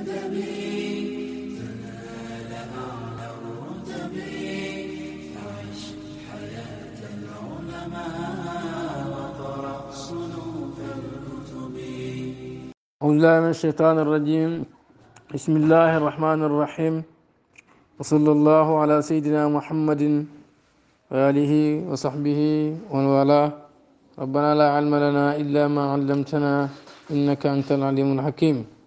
أعوذ بالله من الشيطان الرجيم بسم الله الرحمن الرحيم وصلى الله على سيدنا محمد وآله وصحبه ومن ربنا لا علم لنا إلا ما علمتنا إنك أنت العليم الحكيم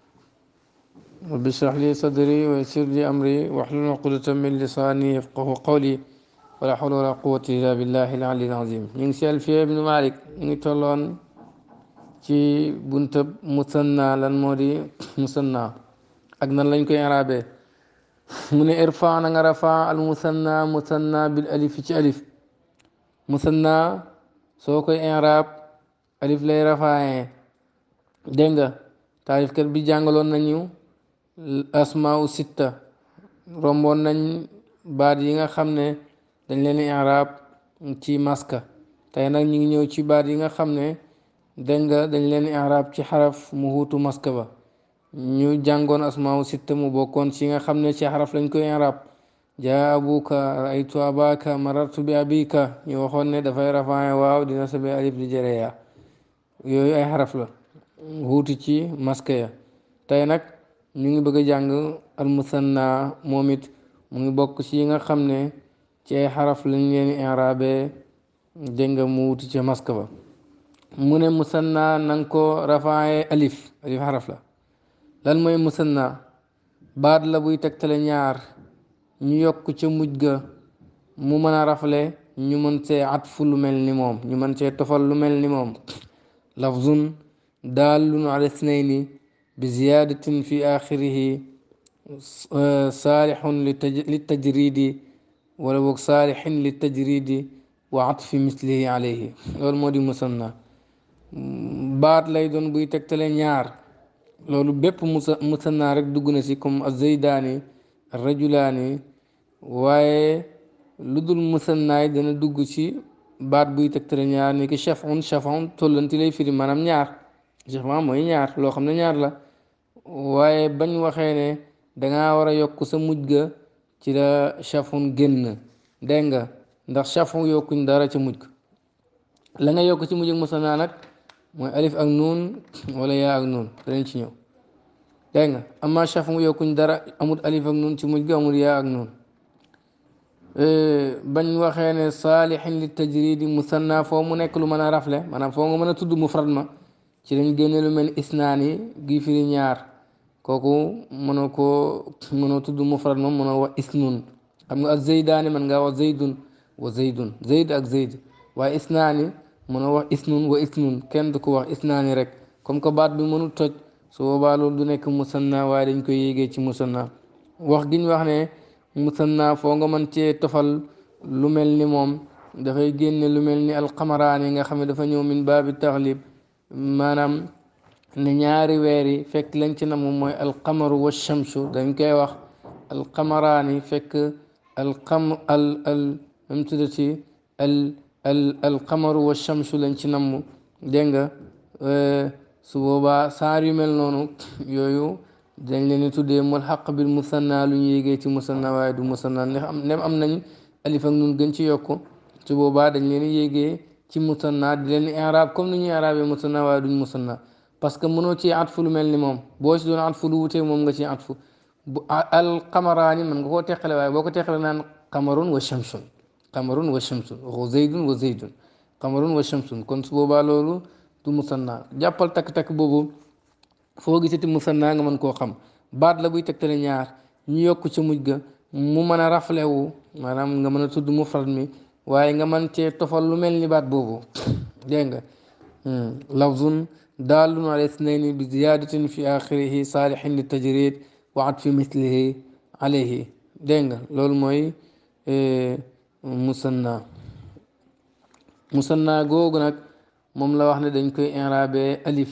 رب اشرح لي صدري ويسر لي امري واحلل عقدة من لساني يفقه قولي ولا حول ولا قوة الا بالله العلي العظيم. من سالفيه بن مالك من تولون تي بنت مثنى لن موري مثنى اجنى لنك يا عربي من ارفع انا نعم رفع المثنى مثنى بالالف تي الف مثنى سوك يا عرب الف لا رفع دنجا تعرف كربي جانغلون نيو asmau sitta romboon nañ baat yi nga xam ne dañ leen i'raab ci maska tey nag ñu ngi ñëw ci baat yi nga xam ne dégg nga dañ leen i'raab ci xaraf mu huutu maska ba ñu jàngoon asmau sitta mu bokkoon ci nga xam ne ci xaraf lañ koy i'raab jaa abuka raaytu abaka marartu bi abika ñu waxoon ne dafay rafaa waaw dina sabe alif di jëre yaa yooyu ay xaraf la huutu ci maska ya tey nag ñu ngi bëgg jàng al musanna moom it mu ngi bokk ci yi nga xam ne ci ay xaraf lañ leen arabe dégg mu wuti ca masque ba mu ne musanna na nga ko rafaaye alif alif xaraf la lan mooy musanna baat la buy tegtale ñaar ñu yokk ca muj ga mu mën a rafle ñu mën see atfu lu mel ni moom ñu mën see tofal lu mel ni moom lafzun daalun ala snayni بزيادة في آخره صالح للتجريد ولو صالح للتجريد وعطف مثله عليه لول مودي مسنى بات لا يدون بي تكتلي نيار لول بيب مسنى رك دوغنا سيكم الزيداني الرجلاني واي لدول مسنى يدن دوغو سي بات بي تكتلي نيار نيكي شفعون شفعون تولنتي لي فيري مانام نيار شفعون موي نيار لو خمنا نيار لا waaye bañ waxee ne dangaa war a yokk sa mujj ga ci la chafun génn dégg nga ndax chafun yokkuñ dara ci mujj la nga yokk ci mujj ak musanna nag mooy alif ak nuun walla yaa ak nuun ci ñëw dégg nga amma yokkuñ dara amul alif ak ci mujj ga amul yaa ak nuun euh, bañ waxee ne saalixin li tajridi musanna foo mu nekk lu mën a rafle maanaam foo nga mën a tudd mufrad ma ci lañ génne lu mel isnaani gi firi ñaar كوكو منوكو منو تد مفرد من منو اسم خم نو زيدان من غاو زيد وزيد زيد اك زيد و اسنان منو اسم واسم كين دكو واخ اسنان رك كوم كو بات بي منو توج سو با لول دو نيك مسنى و دنج كو ييغي سي مسنى واخ غين واخ ني مسنى فوغو من تي توفال لو ملني موم دا فاي ген لو ملني القمران ني خا دا فا نيو من باب التغليب مانام ne ñaari weer yi fekk lañ ci namu mooy alqamaru wa shamsu dañ koy wax alqamaraani fekk alqam al al am tudda ci al al lañ ci namu dégg nga eh, su boobaa saar yu mel noonu yooyu dañ leen tuddee mul xaq bil musanna lu ñu yégee ci musanna waaye du musanna ndax am ndem am nañ alif ak nun gën ci yokk su boobaa dañ leen yégee ci musanna di leen i'raab comme ni ñuy i'raabee musanna waaye duñ musanna parce que mënoo ci at fulu mel ni moom boo si doon atfu lu wutee moom nga ci atfu bu alqamaraani mën nga koo teqale waaye boo ko teqale naan qamarun wa shamsun qamarun wa shamsun waxoo zaydun wa zaydun qamarun wa shamsun kon su boobaa loolu du musanna jàppal takk-takk boobu foo gisati musanna nga mën koo xam baat la buy tegtale ñaar ñu yokk ci mujj ga mu mën a raflewu maanaam nga mën a tudd mufrad mi waaye nga mën cee tofal lu mel ni baat boobu dégg دال على اثنين بزيادة في آخره صالح للتجريد وعد في مثله عليه دينغ لول موي إيه، مسنى مسنى غوغنك مملا واحنا دينكو إعرابي ألف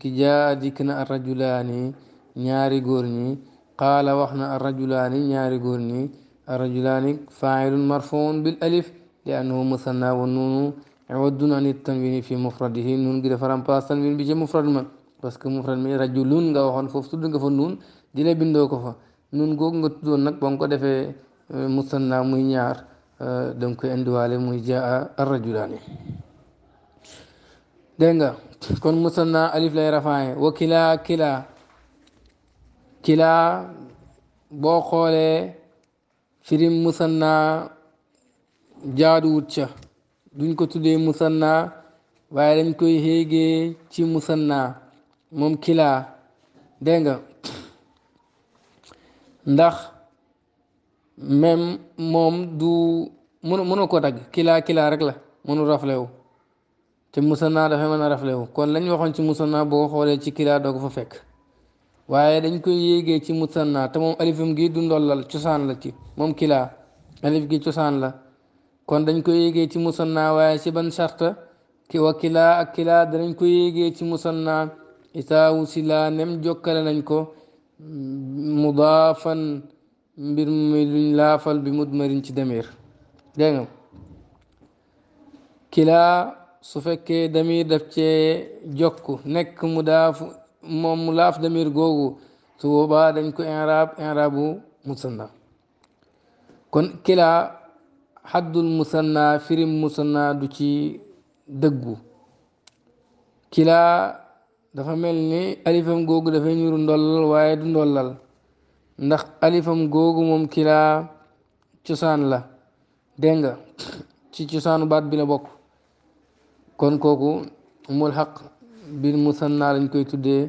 كي جاء ديكنا الرجلان نياري غورني قال واحنا الرجلاني نياري غورني الرجلاني فاعل مرفون بالألف لأنه مسنى والنون awaddun an tanwini fi mufradihi nun gi dafa remplace tanwin bi ci mufrad ma parce que mufrad mi rajulun nga waxoon foofu tudd nga fa nuun dina bindoo ko fa nun googu nga tuddoon nag ba nga ko defee euh, musanna muy ñaar euh, danga koy indiwaale muy jaa arrajulaani dégg nga kon musanna alif lay rafaaye wa kilaa kilaa kilaa boo xoolee firim musanna jaaduwut ca duñ ko tuddee musanna waaye dañ koy héegee ci musanna moom kilaa dégg nga ndax même moom du mënu mënu ko dagg kilaa kilaa rek la mënu raflewu te musanna dafay mën a raflewu kon lañ waxoon ci musanna boo xoolee ci kilaa doo ko fa fekk waaye dañ koy yéegee ci musanna te moom alifam gi du lal cosaan la ci moom kilaa alif gi cosaan la kon dañ ko yéegee ci musanna waaye si ban charte ki wa kilaa kilaa danañ koy yéegee ci musanna isaawu si laa nem jokkale nañ ko mudaafan mbir mi luñ laafal bi mudmarin ci damir dégg nga kilaa su fekkee damir daf cee jokk nekk mu mu laaf damir googu su boobaa dañ ko inraab inraabu musanna kon kilaa xaddul musanna firim musanna du ci dëggu kilaa dafa mel ni alifam googu dafay ñuru ndollal waaye du ndollal ndax alifam googu moom kilaa cosaan la dégg nga ci cosaanu baat bi la bokk kon kooku mul xaq bil musanna lañ koy tuddee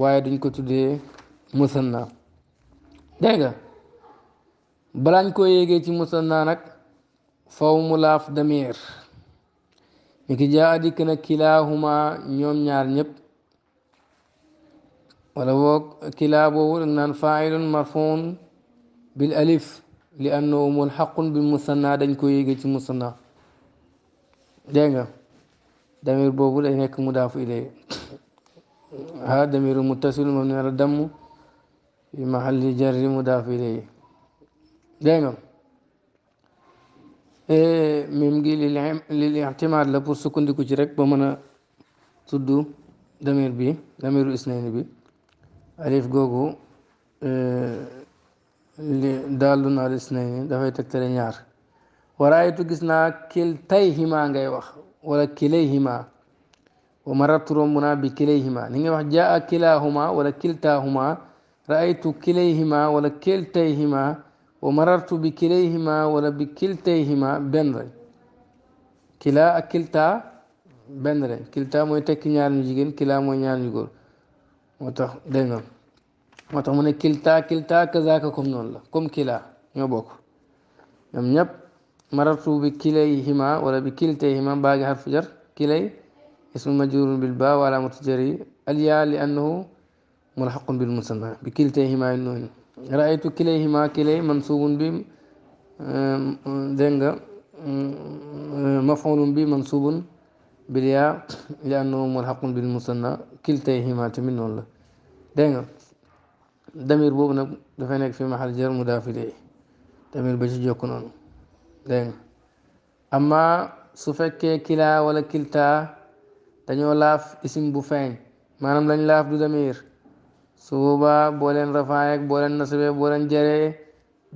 waaye duñ ko tuddee musanna dégg nga balaañ koo yéegee ci musanna nag faw mu laaf damir ni ki jaa dikk na kilaahuma ñoom ñaar ñëpp wala boog kilaa boobu dag naan failun marfon bil alif li annahu mulhaqun bil musanna dañ ko yéege ci musanna dégg nga damir boobu day nekk mu daafu ilay ha damiru muttasil moom ne la damm fi mahalli jarri mu daafu ilay dégg nga Eh, mim gi li lil ixtimaad la pour sukkandiku ci rek ba mën a tudd damir bi damiru isnayni bi alif googu eh, li daallu na al isnayni dafay tegtale ñaar waraaytu gis naa kil tay hima ngay wax wala kilay hima wa maratu romb naa bi kilay hima ni ngay wax jaa kilahuma wala kiltahuma raaytu kilay hima wala kiltay hima wa marartu bi kilayhima wala bi kiltayhima benn rek kilaa ak kiltaa mooy tekki ñaar ñu jigéen kila mooy ñaar ñu góor moo tax dégg nga moo tax mu ne kiltaa kiltaa kazaaka comme noonu la comme kilaa ñoo bokk ñoom ñëpp marartu bi kilayhima wala bi kiltayhima baa ngi xarfu jar ismu majrurun bil baa wala mutajari alyaa li annahu mulxaqun bil musanna bi kiltayhima noonu رأيت كليهما كلي منصوب ب دنگا مفعول ب منصوب بالياء لأنه ملحق بالمثنى كلتيهما تمن الله دنگا دمير بوبنا دفنك في محل جر مدافع إليه دمير بجي جوكنون دنگا أما سفك كلا ولا كلتا دنيو لاف اسم بوفين مانام لاني لاف دو دمير su boobaa boo leen rafaa ak boo leen nasbee boo leen jaree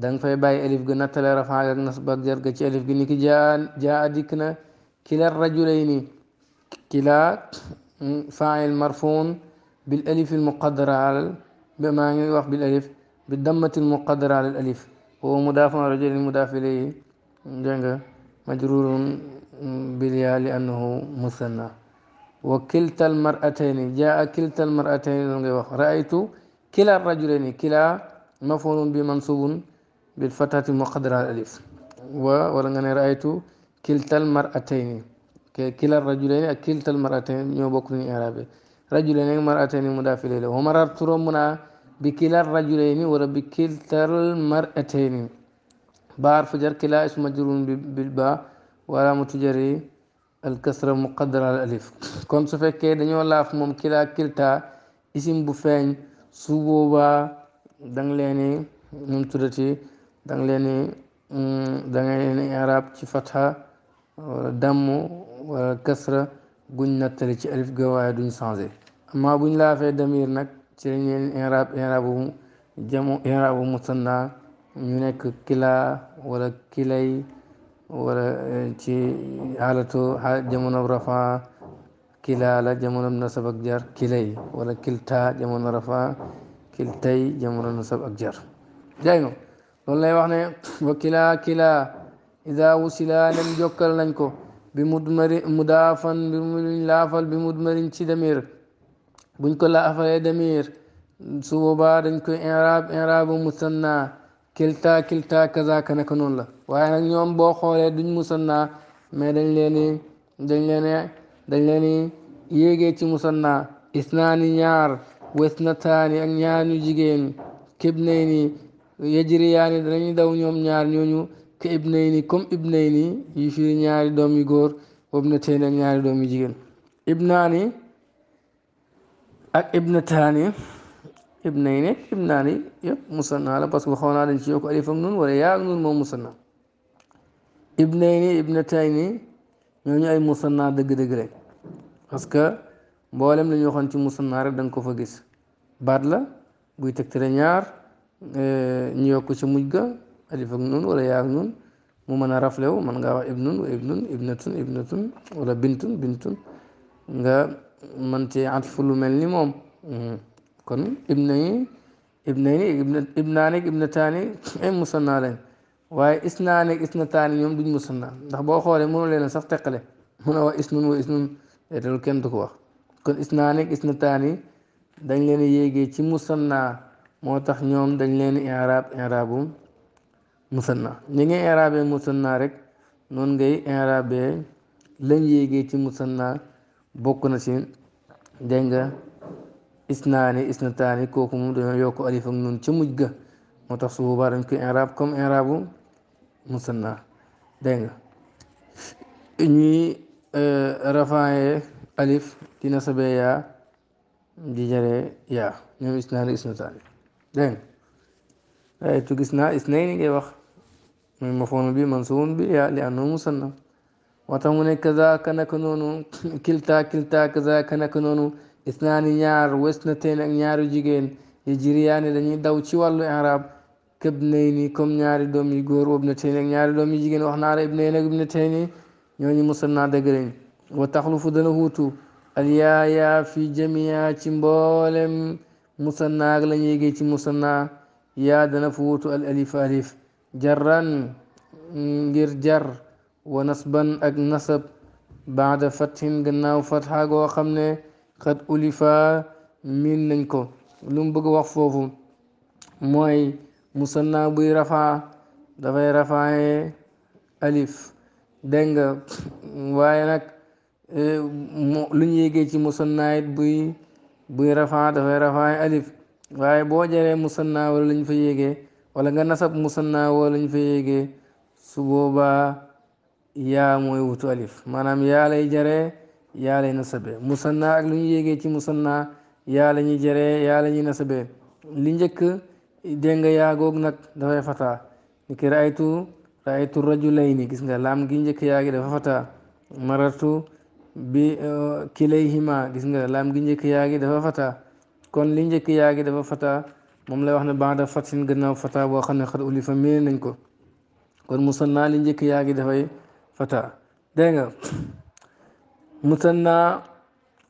da nga fay bàyyi alif ga nattale rafaa ak nasb ak jar ga ci alif gi ni ki jaa jaa dikk na kila rajulayni kila faa'il marfuun bil alif al muqaddara alal maa ngi wax bil alif bi dammati al muqaddara alal alif wa mudaafun rajulayni mudaaf ilayhi dégg nga majruurun bil yaa li annahu musanna وكلتا المرأتين جاء كلتا المرأتين رأيت كلا الرجلين كلا مفعول بمنصوب بالفتحة المقدرة على الألف ولنغني رأيت كلتا المرأتين كلا الرجلين كلتا المرأتين يوبكني إعرابي رجلين مرأتين مضاف إليه ومررت رمنا بكلا الرجلين ورب كلتا المرأتين بار فجر كلا اسم مجرور بالباء ولا متجري alkasra muqaddara al alif kon su fekkee dañoo laaf moom kilaa kilta isim bu feeñ su boobaa danga leeni num tuddati danga leeni mm, danga leeni arab ci fatha wala damm wala kasra guñ nattali ci alif ga waaye duñ changé amma buñ laafee damir nag ci lañ leen irab irabu jamu ñu nekk kilaa wala kilay ولا تي حالتو جمون رفا كلا لا جمون نسب اجر كلي ولا كلتا جمون رفا كلتي جمون نسب اجر جاينو لول لاي وكلا كلا اذا وصلا لم جوكل نانكو بمدمر مدافا بمدمر لافل بمدمر تي دمير بونكو لا افاي دمير سو با اعراب اعراب مثنى kilta kilta kazaka naka noonu la waaye nag ñoom boo xoolee duñ musanna mais dañ leen dañ leen dañ leen yéegee ci musanna isnaani ñaar wesnataani ak ñaar ñu jigéen kibnayni yajriyaani danañ daw ñoom ñaar ñooñu ke ibnayni comme ibnayni yu firi ñaari doom yu góor wabnatayni ak ñaari doom yu jigéen ibnaani ak ibnataani ibnay nekk ibnaan yi yëpp musanna la parce que waxoon naa dañ ci yokk alif ak nun wala yaa ak nun moom musanna ibnay ni ibnatay ni ñooñu ay musanna dëgg-dëgg rek parce que mboolem la ñu waxoon ci musanna rek da nga fa gis baat la buy tegtale ñaar eh, ñu yokk ci ga alif mu mën a raflew mën ngaa wax ibnun ibnatun ibnatun wala bintun bintun nga mën cee atfu lu mel ni moom hmm. kon ibna yi ibna yi ibnaani ak ibnataani ay musanna lañ waaye isnaani ak isnataani ñoom duñ musanna ndax boo xoolee mënoo leen sax teqale mun a wax isnun wa isnun te loolu kenn du ko wax kon isnaani ak isnataani dañ leen yéegee ci musanna moo tax ñoom dañ leen i'raab i'raabu musanna ñi ngay i'raabee musanna rek noonu ngay i'raabee lañ yéegee ci musanna bokk na ci dégg nga isnaani isnataani kooku moom dañoo alif ak nun ca mujj ga moo tax su boobaa dañ koy inraab comme inraabu musanna dégg nga ñuy euh, rafaaye alif di nasabee yaa di yaa ñoom isnaani isnataani dégg nga waaye tu ni ngay wax muy mafoon bi mansuubun bi yaa li annahu musanna moo tax mu ne kaza ka noonu kilta kilta kaza ka noonu isnaani ñaar wasnateen ak ñaari jigéen yu jiriyaani dañuy daw ci wàllu arab këb nay ni ñaari doom yu góor wabnateen ak ñaari doom yu jigéen wax naa la ibnayn ak ibnateen ñooñu musanna dëgg lañ wa taxlufu dana huutu alyaaya fi jamia ci mboolem musanna ak lañuy ñuy ci musanna yaa dana fu wuutu al alif alif jarran ngir jar wa nasban ak nasab baada fathin gannaaw fatha goo xam ne xat ulifa miin nañ ko lu mu bëgg wax foofu mooy musanna buy rafaa dafay rafaaye alif dégg nga waaye nag eh, lu ñu yéegee ci musanna it buy buy rafaa dafay rafaaye alif waaye boo jaree musanna wala lañ fa yéegee wala nga nasab musanna wala lañ fa yéegee su booba yaa mooy wutu alif maanaam yaa lay jaree yaa lay nasabe musanna ak lu ñu yéegee ci musanna yaa la ñuy jëree yaa la ñuy nasabe li njëkk dégg nga yaa goog nag dafay fataa ni ki raaytu raaytu rajulayni gis nga laam gi njëkk yaa gi dafa fataa maratu bi uh, kilayhima gis nga laam gi njëkk yaa gi kon li njëkk yaa gi dafa fataa moom lay wax ne baada fatin gannaaw fataa boo xam ne xat uli fa miin nañ ko kon musanna li njëkk yaa gi dafay fata dégg musanna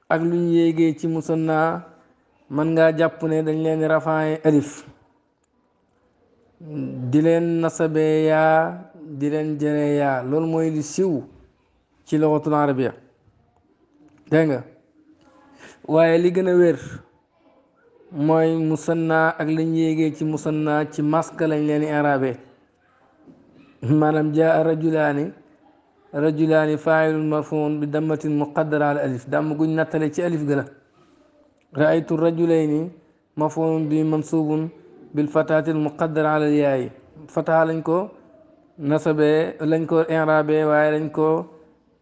ak lu ñu yéegee ci musanna man ngaa jàpp ne dañ leen rafaaye alif di leen nasabee yaa di leen jëree yaa loolu mooy li siiw ci luxatul arabia dégg nga waaye li gën a wér mooy musanna ak lañ yéegee ci musanna ci maska lañ leen i arabe maanaam jaa rajulaani rajulaani faa'ilun marfuun bi dammatin muqaddara alif damm guñ nattale ci alif gëla raaytu rajulayni mafuun bi mansuubun bil fataatil muqaddara al yaayi fataa lañ ko lañ ko inraabee waaye lañ ko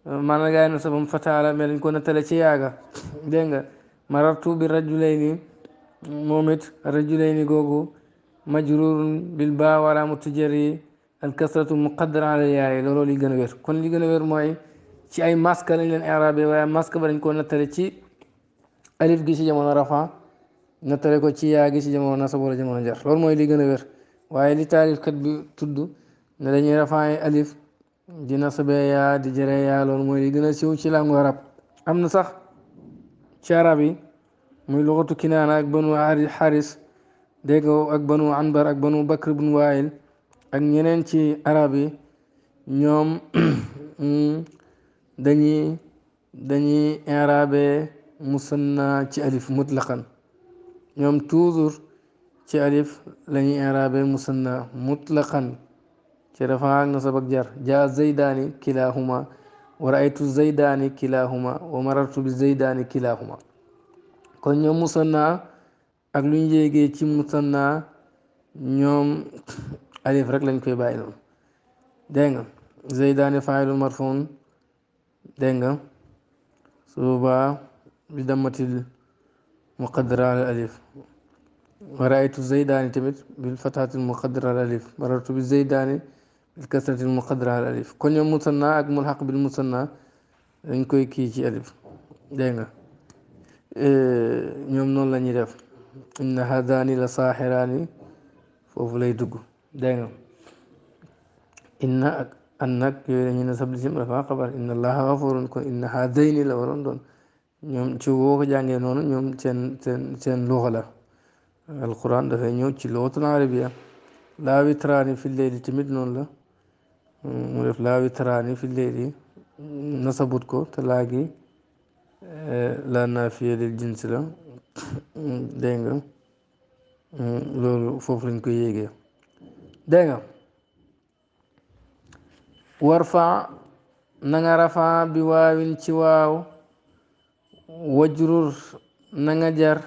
maanaam gaay nasabam fataa la ko nattale ci yaaga dégg marartu bi rajulayni moom it rajulayni googu majruurun bil baa walaa mutajarri al kasratu muqaddar ala yaay looloo gën a kon li gën a wér mooy ci ay masque lañ leen arabe waaye masque ba dañ koo nattale ci alif gi ci jamono rafa nattale ko ci yaa gi ci jamono nasab wala jamono jar loolu mooy li gën a wér waaye li taarifkat bi tudd ne dañuy rafaay alif di nasabee di jëree yaa loolu mooy li gën a siiw ci langu arab am na sax ci arab yi muy luxatu kinaana ak banu xaris dégg ak banu anbar ak banu bakr bun waayil ak ñeneen ci arab yi ñoom mm, dañuy dañuy inrabe musanna ci alif mutlaqan ñoom toujours ci alif lañuy inrabe musanna mutlaqan ci rafa ak nasab ak jar jaa zaydaani kilahuma wa raaytu zaydaani kilahuma wa marartu bi zaydaani kilahuma kon ñoom musanna ak lu ñu yéegee ci musanna ñoom alif rek lañ koy bàyyi noonu dégg nga zeydaani faayilun marfuun dégg nga su boobaa bi dammatil muqaddara al alif wa raaytu zeydaani tamit bil fataatil muqaddara al alif marartu bi zeydaani bil kasratil muqaddara al alif kon ñoom musanna ak mulxaq bil musanna dañ koy kii ci alif dégg nga ñoom noonu la ñuy def inna hadaani la saaxiraani foofu lay dugg dégg nga inna ak an nag yooyu dañuy na sabli sim dafa xabar inna allaha xafurun kon inna haadayni la waroon doon ñoom ci woo ko noonu ñoom seen seen seen luxa la alquran dafay ñëw ci luxatul arabia laa witraani fi leyli tamit noonu la mu def laa witraani fi leyli nasabut ko te laagi gi eh, laa naafiya jins la dégg nga hmm, loolu foofu lañ ko yéegee dégg warfa na rafa bi waawin ci waaw wajrur na nga jar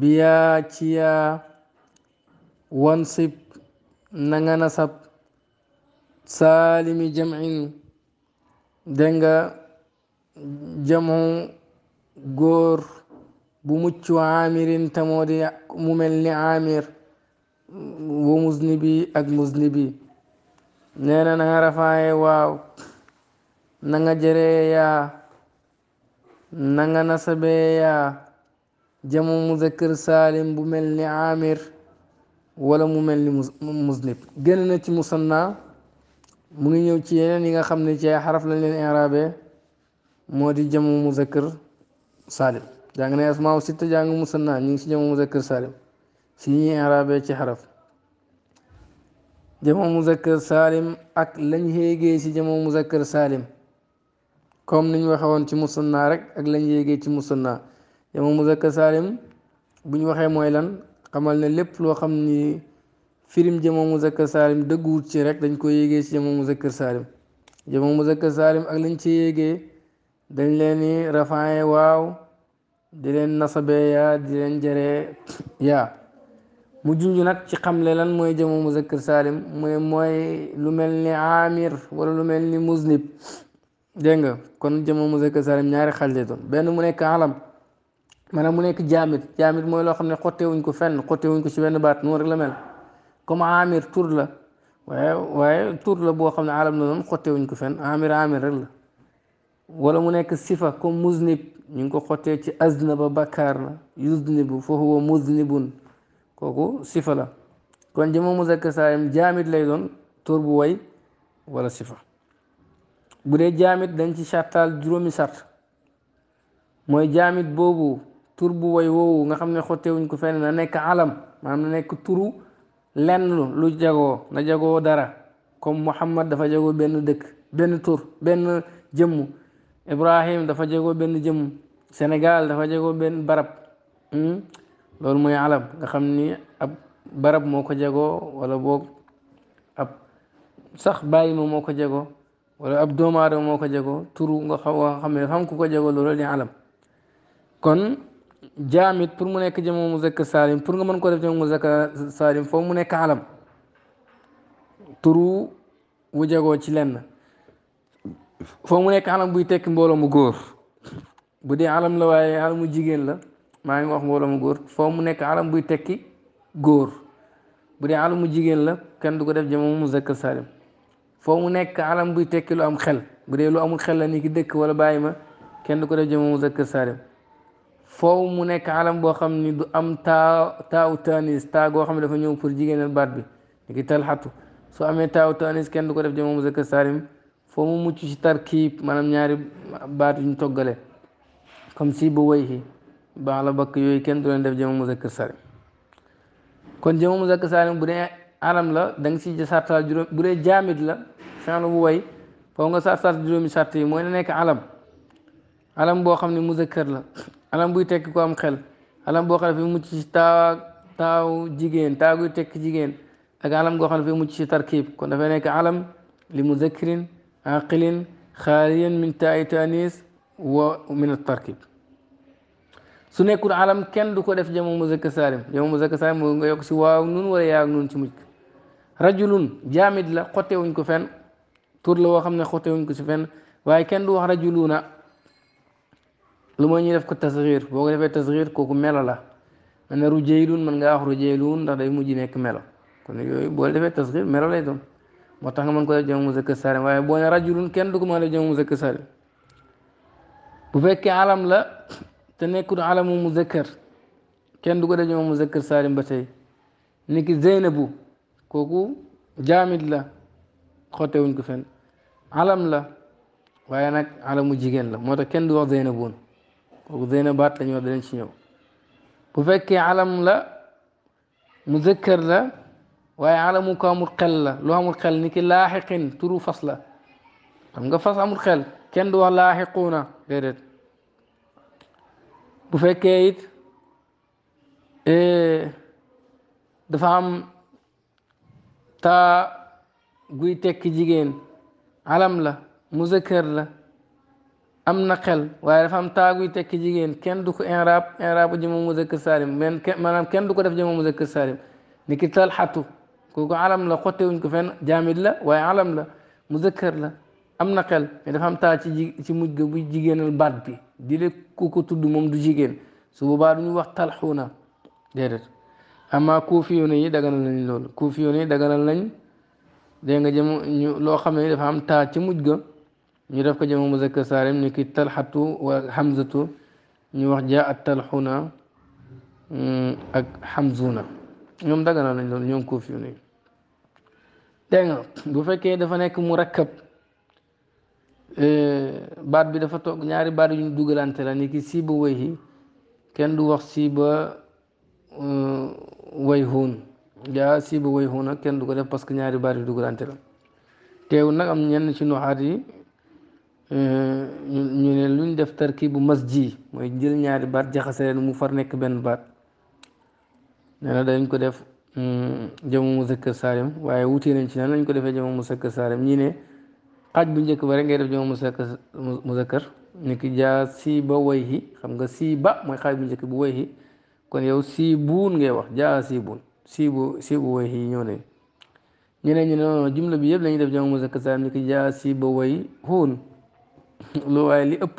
biyaa ci wansip wansib na nga nasab saalimi jamcin dégg nga jamu góor bu mucc aamirin tamoo mu mel ni aamir wu musnibi ak musnibi nee na na nga rafaaye waaw na nga yaa na nga nasabee yaa jamu muzakkar saalim bu mel ni amir wala mu mel ni musnib génn na ci musanna mu ngi ñëw ci yeneen yi nga xam ne ci ay xaraf lañ leen inrabe moo di mu jamu muzakkar saalim jàng na asmaaw sitta jàng musanna ñu ngi ci jamu muzakkar saalim si ñuy arabe ci xaraf jama muzakkar saalim ak lañ xéegee si jama muzakkar saalim comme niñ waxewoon ci musanna rek ak lañ xéegee ci musanna jama muzakkar saalim bu ñu waxee mooy lan xamal ne lépp loo xam ni firim jama muzakkar saalim dëgguwut ci rek dañ ko yéegee si jama muzakkar saalim jama muzakkar saalim ak lañ ci yéegee dañ leen i waaw di leen nasabee yaa di leen jaree yaa mu junj nag ci xamle lan mooy jëmu muzakkir saalim mooy mooy lu mel ni amir wala lu mel ni muznib dégg nga kon jëmu muzakkir saalim ñaari xaaj doon benn mu nekk alam maanaam mu nekk jaamit jaamit mooy loo xam ne xottewuñ ko fenn wuñ ko ci benn baat noonu rek la mel comme amir tur la waaye waaye tur la boo xam ne alam la noonu xottewuñ ko fenn amir amir rek la wala mu nekk sifa comme muznib ñu ngi ko xottee ci aznaba bakkaar la yuznibu fa huwa muznibun kooku sifa la kon jëma muzakkar saalim jaamit lay doon tur bu way wala sifa bu dee jaamit dañ ci sartaal juróomi sart mooy jaamit boobu tur bu way woowu nga xam ne xottewuñ ko fenn na nekk alam maanaam na nekk turu lenn lu jagoo na jagoo dara comme Muhammad dafa jagoo benn dëkk benn tur benn jëmm Ibrahim dafa jagoo benn jëmm senegal dafa jagoo benn barab hmm? loolu mooy alam nga xam ni ab barab moo ko jegoo wala boog ab sax bàyyi ma moo ko jagoo wala ab doomu aadama moo ko jagoo turu nga xam ne xam ko jagoo di alam kon jaamit pour mu nekk mu muzakkar saalim pour nga mën ko def jamo muzakkar saalim foofu mu nekk alam turu wu jegoo ci lenn foo mu nekk alam buy tekki mbooloo mu góor bu dee alam la waaye alamu jigéen la maa ngi wax mbooloo mu góor foo mu nekk alam buy tekki góor bu dee alamu jigéen la kenn du ko def jama mu zakkar salim mu nekk alam buy tekki lu am xel bu dee lu amul xel la ni dëkk wala bàyyi ma kenn du ko def jama mu zakkar salim foo mu nekk alam boo xam ni du am taa taaw tanis taa goo xam ne dafa ñëw pour jigéenal baat bi ni ki xatu su amee taaw tanis kenn du ko def jama mu zakkar salim foo mu mucc ci tarkiib maanaam ñaari baat yu ñu toggale comme si bu wéy baax la bakk yooyu kenn du leen def jama muzakkar salim kon mu muzakkar salim bu dee alam la da nga bu dee jaamit la fin bu way foo nga sart sart juróomi sart yi mooy na nekk alam alam boo xam ne muzakkar la alam buy tekki ko am xel alam boo xam ne fi mucc si taaw taaw jigéen taaguy tekki jigéen ak alam goo xam ne fi mucc si tarkib kon dafay nekk alam li muzakkirin aqilin xaaliyan min taayi tanis wa min at tarkib su nekkul alam kenn du ko def jamo muzakka salim jamo muzakka salim mu nga yokk si waaw nun wala yaa nun ci mujj rajulun jamid la xottewuñ ko fenn tur la woo xam ne xottewuñ ko si fenn waaye kenn du wax rajuluna lu mooy ñu def ko tasxir boo ko defee tasxir kooku melo la man ne rujaylun man ngaa wax rujaylun ndax day mujj nekk melo kon yooyu boo defee tasxir melo lay doon moo nga mën ko def jamo salim waaye boo ne rajulun kenn du ko mën a def salim bu fekkee alam la te nekkul alamu muzakkar kenn du ko dajoo muzakkar saalim ba tey niki zeynabu kooku jamit la wuñ ko fen alam la waaye nag alamu jigéen la moo tax kenn du wax zeynabun kooku zeynabaat la ñu wax danañ ci ñëw bu fekkee alam la mu muzakkar la waaye alamu ko amul xel la loo amul xel niki laaxiqin turu fas la xam nga fas amul xel kenn du wax laaxiquuna déedéet bu fekkee it eh, dafa am taa guy tekki jigéen alam la mu muzakkar la am na xel waaye dafa am taa guy tekki jigéen kenn du ko inraab inraabu jëma muzakkar saalim men maanaam kenn du ko def jëma muzakkar saalim ni ki talxatu kooku alam la xottewuñ ko fenn jaamid la waaye alam la muzakkar la am na xel mais dafa am taa ci ji ci mujj ga baat bi di le ku ko tudd moom du jigéen su boobaa du ñu wax talxuuna déedéet amaa kuufiyoone yi daganal nañ loolu kuufiyoone yi daganal nañ dégg nga jëm ñu loo xam ne dafa am taa ci mujj ga ñu def ko jëm muzakkar saalim ni ki talxatu wa hamzatu ñu wax jaa at talxuuna mm, ak hamzuna ñoom daganal nañ loolu ñoom kuufiyoone yi dégg nga bu fekkee dafa nekk mu rakkab Eh, baat bi dafa toog ñaari baat yu ñu dugalante la ni ki siiba way yi kenn du wax siiba eh, way huun jaa siiba woy huun ak kenn du ko def parce que ñaari baat yu dugalante la teew nag am ñenn ci nuxaat yi eh, ñu ne ñu def tarki bu mas ji mooy jël ñaari baat jaxase mu far nekk benn baat nee na dañ ko def mm, jamu muzakkar saalim waaye wutee nañ ci nan lañ ko defee jamu muzakkar saalim ñi ne xaaj bu njëkk ba rek ngay def jama muzakkar muzakkar ni ki jaa sii ba wayhi xam nga sii mooy xaaj bu njëkk bu wayhi kon yow sii buun ngay wax jaa sii buun sii ñeneen ñu ne yëpp la def jama muzakkar saa jaa sii ba way huun lu waaye li ëpp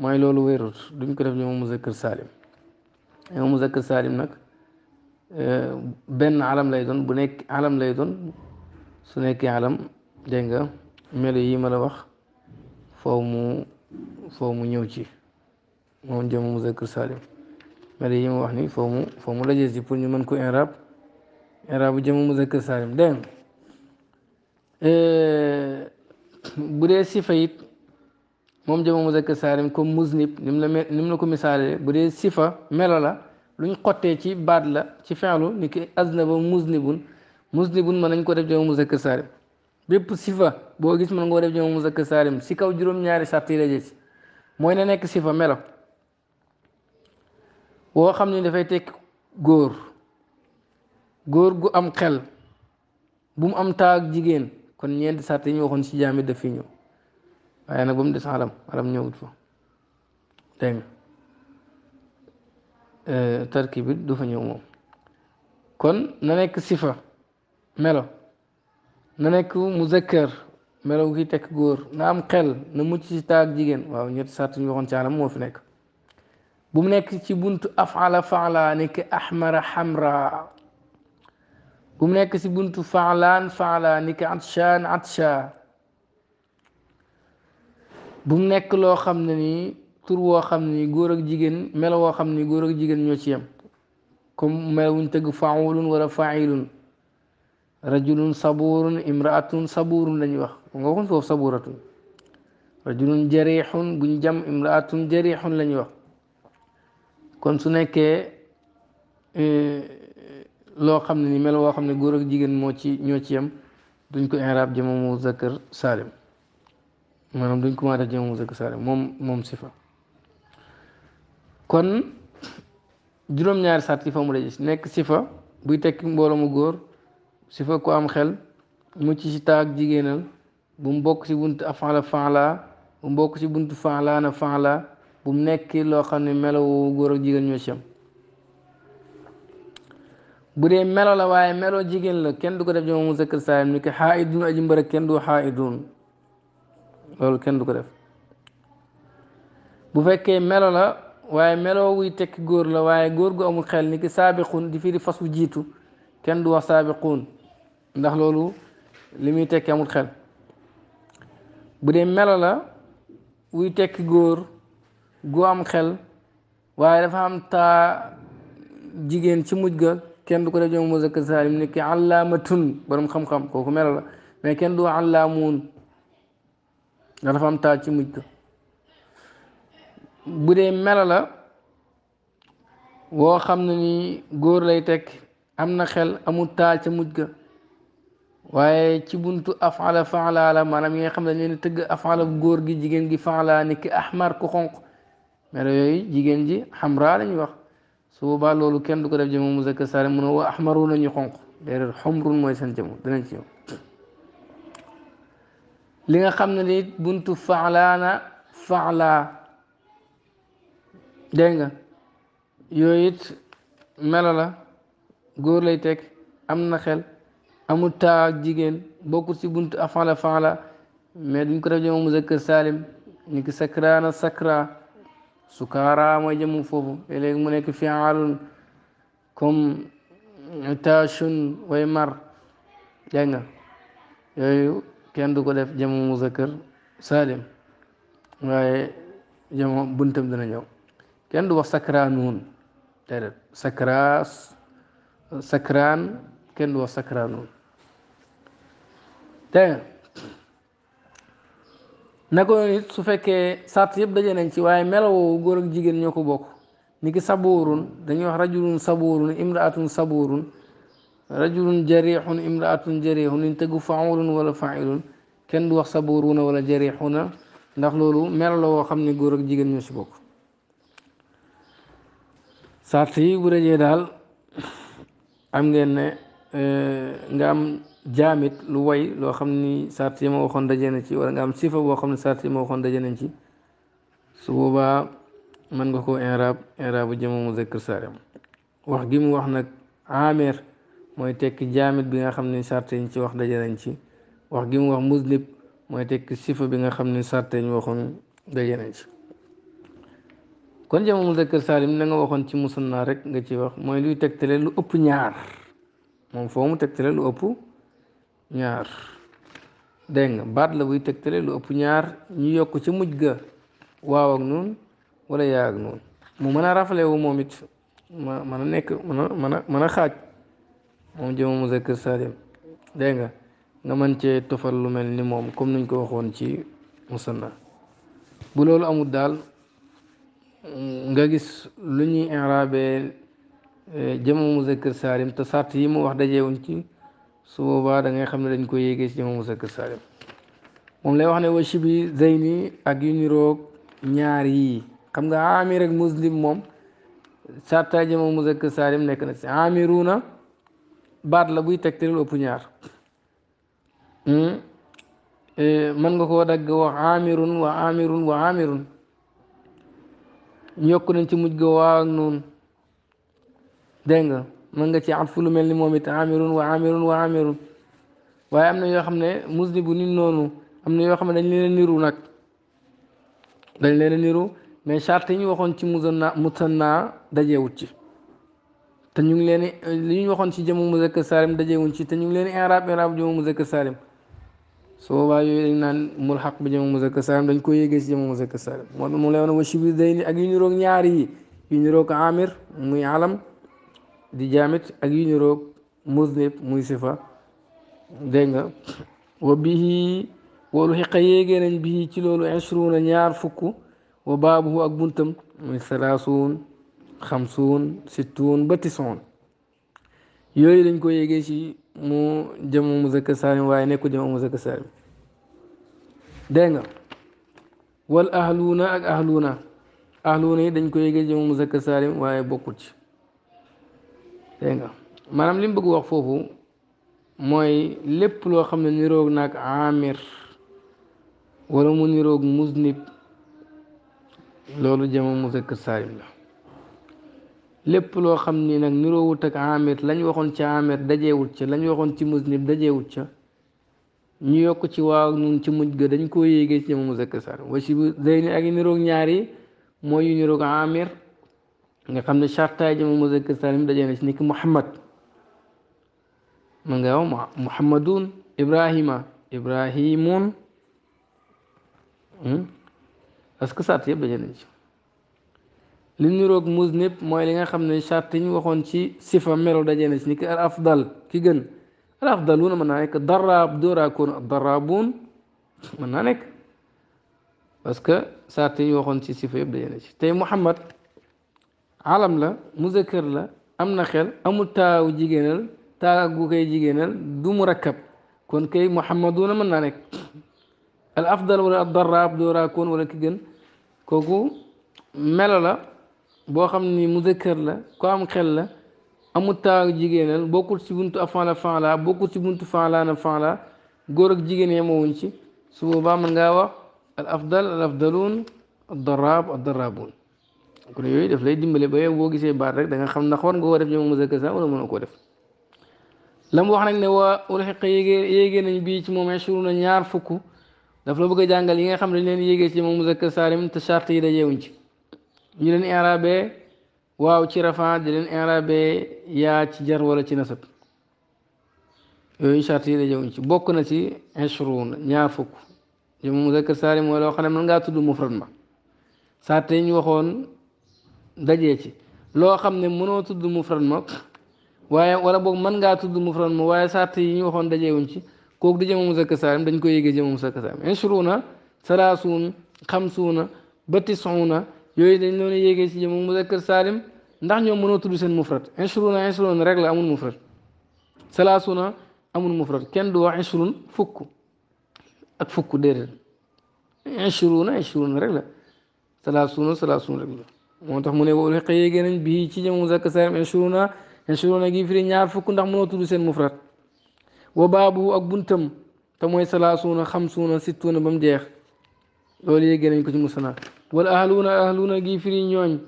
mooy loolu wérut duñ ko def jama muzakkar saalim jama muzakkar saalim nag eh, benn alam lay doon bu nekk alam lay doon su nekkee alam dégg melo yii ma la wax faw mu faw mu ñëw ci moom jëm muzakkar saalim melo yi ma wax ni faw mu faw mu lajees ci pour ñu mën ko inrab inrabu jëm muzakkar saalim dégg euh, bu dee sifa it moom jëm muzakkar saalim comme muznib nim la nim la ko misaalee bu dee sifa melo la luñ xottee ci baat la ci fenlu ni ki aznaba muznibun muznibun mën nañ ko def jëm muzakkar saalim bépp sifa boo gis mën nga def jëmm muzakkar saalim si kaw juróom-ñaari sàrt yi la gis mooy na nekk sifa melo boo xam ni dafay tekki góor góor gu am xel bu mu am taag jigéen kon ñeenti sàrt yi ñu waxoon si jaam it daf fi ñëw waaye nag ba mu des alam alam ñëwut fa dégg nga euh, du fa ñëw moom kon na nekk sifa melo. نانيكو مذكر ملو كي نام خل نموتي تاك جيجن واو نيت ساتو يوغون تي عالم موف نيك بوم نيك تي بونت افعل فعلا نيك احمر حمراء بوم نيك سي بونت فعلان فعلا نيك عطشان عطشا بوم نيك لو خامني تور و خامني غور اك جيجن ملو و خامني غور اك جيجن نيو يم كوم ملو نتك فاعول ولا فاعلون rajulun saburun imraatun saburun lañuy wax nga waxuñ foofu saburatun rajulun jarixun buñ jam imraatun jarixun lañuy wax kon su nekkee eh, loo xam ne ni mel woo xam ne góor ak jigéen moo ci ñoo ci yem duñ ko inraab jama mu zakkar saalim maanaam duñ ko maa def jama mu zakkar saalim moom moom sifa kon juróom-ñaari sart yi la gis nekk sifa buy tekki mbooloo mu góor si fa ko am xel mucc si taag jigéenal bu mu ci si buntu afaala faalaa bu mu bokk si buntu faalaa na faalaa bu mu nekk loo xam ne melowoo góor ak jigéen ñoo si bu dee melo la waaye melo jigéen la kenn du ko def jama muzakkar saalim ni ko xaaidun aji mbër kenn du xaaidun loolu kenn du ko def bu fekkee melo la waaye melo wuy tekki góor la waaye góor gu amul xel ni ki saabiqun di firi fas wu jiitu kenn du wax saabi saabiquun ndax loolu li muy tekki amul xel bu dee melo la wuy tekk góor gu am xel waaye dafa am taa jigéen ci mujj ga kenn du ko def jom muzakkar saalim ni ki allaamatun borom xam-xam kooku melo la mais kenn du allaamuun ndax dafa am taa ci mujj ga bu dee melo la woo xam na ni góor lay tekk am na xel amul taal ci mujj ga waaye ci buntu afala faala la maanaam yi nga xam ne dañ leen tëgg afala góor gi jigéen gi faala ni ki ahmar ku xonq melo yooyu jigéen ji xamra lañuy wax su boobaa loolu kenn du ko def jëmu muzakkar saalim mu ne wa ahmaru nañu xonq déedéet xumrun mooy seen jëmu dinañ ci yow li nga xam ne ni buntu faalaana faala dégg nga yooyu it melo la góor lay teg am na xel amul taa ak jigéen bokkul ci buntu afala faala mais duñ ko def jamo muzakkar salim ni ki sakraana sakra sukaara mooy jëmu foofu léegi mu nekk fiaalun comme taachun mar dégg kenn du ko def jamo muzakkar salim waaye jamo buntam dina ñëw kenn du wax sakra nuun déedéet kenn du wax sakra nuun dégg nga naka noonu su fekkee sart yëpp daje nañ ci waaye melawoo góor ak jigéen ñoo ko bokk ni ki sabuurun dañuy wax rajulun sabuurun imraatun sabuurun rajulun jarixun imraatun jarixun liñ tëggu faulun wala failun kenn du wax sabuuruna wala jarixuna ndax loolu mel woo xam ne góor ak jigéen ñoo si bokk sart yi bu dajee daal am ngeen ne eh, nga am jaamit lu way loo xam ni sart yi ma waxoon daje na ci wala nga am sifa boo xam ne sart yi ma waxoon daje nañ ci su boobaa mën nga ko inraab inraabu jëmu muzakkar saalim wax gi mu wax nag amir mooy tekki jaamit bi nga xam ne sart yi ci wax daje nañ ci wax gi mu wax muznib mooy tekki sifa bi nga xam ne sart yi ñu ci kon jëmu muzakkar saalim na nga waxoon ci musanna rek nga ci wax mooy luy tegtale lu ëpp ñaar moom foo mu tegtale lu ëpp. ñaar dégg nga baat la buy tegtale lu ëpp ñaar ñu yokk ci mujj ga waaw ak noonu wala yaa ak noonu mu mën a rafale wu moom it ma mën a nekk mën a mën a mën a xaaj moom jëmm muzakkar saarim dégg nga nga mën cee tofal lu mel ni moom comme nuñ ko waxoon ci musanna bu loolu amul daal nga gis lu ñuy inrabe eh, jëmm muzakkar saalim te sart yi mu wax dajewuñ ci su boobaa da ngay xam ne dañ koy yéegee ci jamono musakkar saalim moom lay wax ne wa shibi zeyni ak yu niroog ñaar yii xam nga amir ak muslim moom sarta jamono musakkar saalim nekk na ci amiruna baat la buy tegtalil ëpp ñaar hmm? eh, mën nga koo dagg wax amirun wa amirun wa amirun yokk nañ ci mujj ga waaw ak noonu nga mën nga ci am fu lu mel ni moom it amirun wa amirun wa waaye am na yoo xam ne muslibu nit noonu am na yoo xam ne dañ leen a niru nag dañ leen a mais charte yi ñu waxoon ci musanna musanna dajewut ci te ñu ngi leen li ñu waxoon ci jëmu muzakkar salim dajewuñ ci te ñu ngi leen i'raab i'raab jëmu muzakkar salim su boobaa yooyu dañ naan mulxaq bi jëmu muzakkar salim dañ ko yéegee si jëmu muzakkar salim moom mu lay wax ne ak yu niroog ñaari yi niroog amir muy alam di jaamit ak yu niroog muznib muy sifa dégg nga wa bihi woolu xiqa yéegée nañ bii ci loolu ishruuna ñaar fukk wa baabuhu ak buntam muy salaasuun xamsuun sittuun ba yooyu dañ koy yéegee ci mu jëmu muzakkar saalim waaye nekku jëmu muzakkar saalim dégg nga wal ahluuna ak ahluuna ahluuna yi dañ ko yéegee ci mu muzakkar saalim waaye bokkut ci dégg nga maanaam lim mu bëgg wax foofu mooy lépp loo xam ne niroog nag amir walla mu niroog muznib loolu jama muzakkar saalim la lépp loo xam ni nag niroowut ak amir lañ waxoon ci amir dajeewut ca lañ waxoon ci muznib dajeewut ca ñu yokk ci waaw nun ci mujj ga dañ koo yéegee ci jama muzakkar saalim wa si zeyni ak niroog ñaari mooy yu niroog amir nga xam ne chartaay jama muzakkar salim daje na ci nekk muhammad ma nga wax muhammadun ibrahima ibrahimun parce que sart yëpp daje nañ ci li niroog muznib mooy li nga xam ne charte yi ñu waxoon ci sifa melo daje na ci ni ki al afdal ki gën al afdaluuna mën naa nekk daraab dóoraakoon daraabuun mën naa nekk parce que sart yi ñu waxoon ci sifa yëpp daje na ci tey muhammad alam la muzakkar la am na xel amul taaw jigéenal taa gu koy jigéenal du mu rakkab kon kay muhammaduna mën naa nekk al afdal wala ad darraab dooraa koon wala ki gën kooku melo la boo xam ni mu muzakkar la ko am xel la amul taaw jigéenal bokkul ci buntu afan la fan la bokkul ci buntu fan la na fan la góor ak jigéen yemawuñ ci su boobaa mën ngaa wax al afdal kon yooyu daf lay dimbale ba yow boo gisee baat rek da xam ndax war nga koo def ñoom a koo def la mu wax nag ne waa ulxiqa yéegee yéegee nañ bii ci moom ashruna ñaar fukk daf la a jàngal yi nga xam dañ leen yéegee ci moom muzakkar saalim te charte yi dajeewuñ ci ñu leen i'raabe waaw ci rafa di leen i'raabe yaa ci jar wala ci nasab yooyu charte yi dajeewuñ ci bokk na ci ashruna ñaar fukk ci moom muzakkar saalim mooy loo xam ngaa tudd mufrad ma charte ñu waxoon dajee ci loo xam ne mënoo tudd mufrad ma waaye wala boog mën ngaa tudd mufrad ma waaye sart yi ñu waxoon dajee wuñ ci kooku di jëmm muzakkar saalim dañ koy yéegee jëmm muzakkar saalim inshuruna salaasuun xamsuuna ba tisuuna yooyu dañ doon yéegee ci jëmm muzakkar saalim ndax ñoom mënoo tudd seen mufrad inshuruna inshuruna rek la amul mufrad salaasuuna amul mufrad kenn du wax inshurun fukk ak fukk déedéet inshuruna inshuruna rek la salaasuuna salaasuuna rek la moo tax mu ne wala xëyee génnañ bii ci jamu zakk saayam insuruna insuruna gi firi ñaar fukk ndax mënoo tudd seen mufrat wa baabu ak buntam te mooy salaasuuna xamsuuna sittuuna ba mu jeex loolu yéegee nañ ko ci musana wala ahluuna ahluuna gi firi ñooñ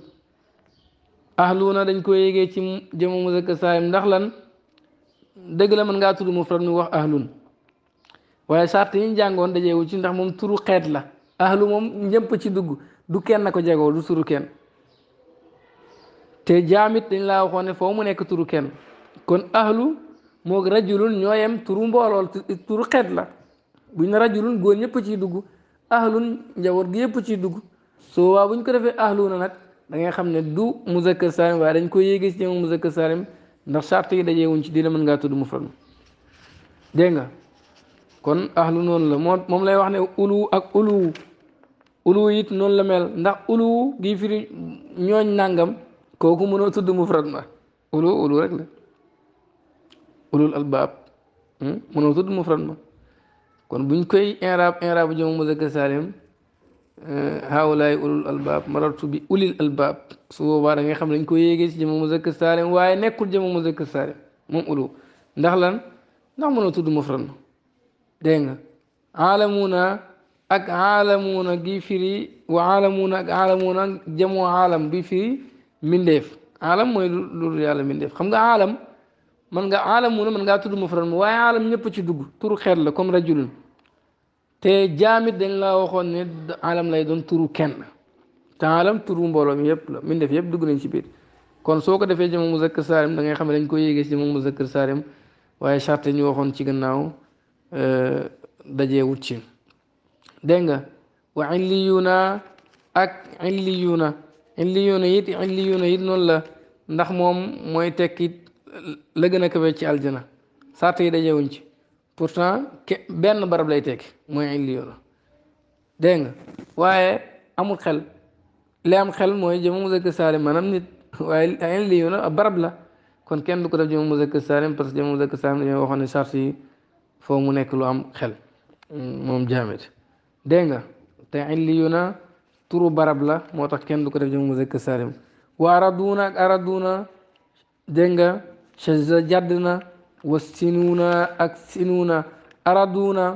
ahluuna dañ ko yéegee ci jamu muzakka saayam ndax lan dëgg la mën ngaa tudd mufrat mi wax ahlun waaye sart yi ñu jàngoon dajeewu ci ndax moom turu xeet la ahlu moom ñëpp ci dugg du kenn ko jegoo du turu kenn te jaamit dañ laa waxoon ne foo mu nekk turu kenn kon ahlu moog rajulun ñoo yem turu mboolool turu xeet la buñ ne rajulun góor ñëpp ciy dugg ahlun njaboot gi yëpp ciy dugg soo waa buñ ko defee na nag da ngay xam ne du muzakkar saalim waaye dañ ko yéegee ci jëm muzakkar saalim ndax sart yi dajee wuñ ci dina mën nga tudd mufrad dégg nga kon ahlu noonu la moom lay wax ne ulu ak ulu ulu it noonu la mel ndax ulu gi firi ñooñ nangam kooku mënoo tudd mufrad ma ulu ulu rek la ulul albaab hmm? mënoo tudd mufrad ma kon buñ koy inraab inraabu jëmm muzakkar saalim eh, haawlaay ulul albaab marartu bi ulil albaab su boobaa da xam dañ ko yéegee ci jëmm muzakkar saalim waaye nekkul jëmm muzakkar saalim moom ulu ndax lan ndax mënoo tudd mufrad ma dégg nga aalamuuna ak aalamuuna gi firi wa ak aalamuuna jamoo aalam bi firi mindeef aalam mooy lu dul yàlla mindeef xam nga alam man nga aalam mu ne mën ngaa tudd mu waaye aalam ñëpp ci dugg turu xeet la comme rajulun te jaamit dañ la waxoon ne alam lay doon turu kenn te aalam turu mbooloo mi yëpp la mindeef yëpp dugg nañ ci biir kon soo ko defee jama muzakkar saalim da ngay xam ne dañ ko yéegee si jama muzakkar saalim waaye charte ñu waxoon ci gannaaw euh, dajee wut ci dégg nga wa illiyuuna ak illiyuuna illiyuuna it illiyuuna it noonu la ndax moom mooy tekki la gën a kawe ci aljana sart yi dajewuñ ci pourtant benn barab lay tekki mooy illiyuuna dégg nga waaye amul xel li am xel mooy mu muzakkar saalim maanaam nit waaye a barab la kon kenn du ko def jëmu muzakkar saalim parce que jëmu muzakkar saalim dañoo waxoon ne sart yi foo mu nekk lu am xel moom jaamit dégg nga te illiyuuna turu barab la moo tax kenn du ko def jëm muzakkar salim wa araduuna ak araduuna dégg nga shazza jadd na wa sinuuna ak sinuuna na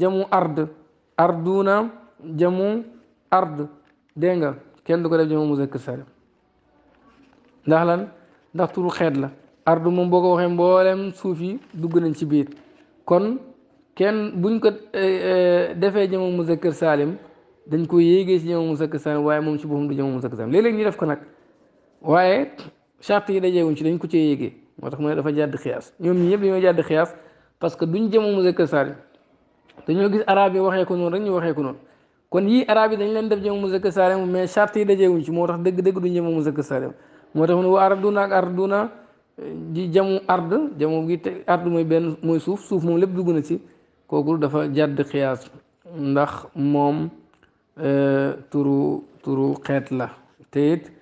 jamu ard arduuna jamu ard dégg nga kenn du ko def jëm muzakkar salim ndax lan ndax turu xeet la ardu moom boo ko waxee mboolem suuf yi dugg nañ ci biir kon kenn buñ ko eh, eh, defee jëm muzakkar salim dañ koy yéegee si jama musakkasaan waaye moom si boppam du jama musakkasaan léeg-léeg ko nag waaye charte yi dajeewuñ ci dañ ko ci yéegee moo tax mu dafa jàdd xiyaas ñoom ñi ñëpp dañoo jàdd xiyaas parce que duñ jama musakkasaan dañoo gis arab yi waxee ko noonu rek ñu waxee ko noonu kon yii arab yi dañ leen def jama musakkasaan mais charte yi dajeewuñ ci moo tax dëgg-dëgg duñ jama musakkasaan moo tax mu ne wa arduna ak arduna ji jamu ard jamu gi ard mooy benn mooy suuf suuf moom lépp dugg na ci kooku dafa jàdd xiyaas ndax moom Euh, turu turu xeet la te it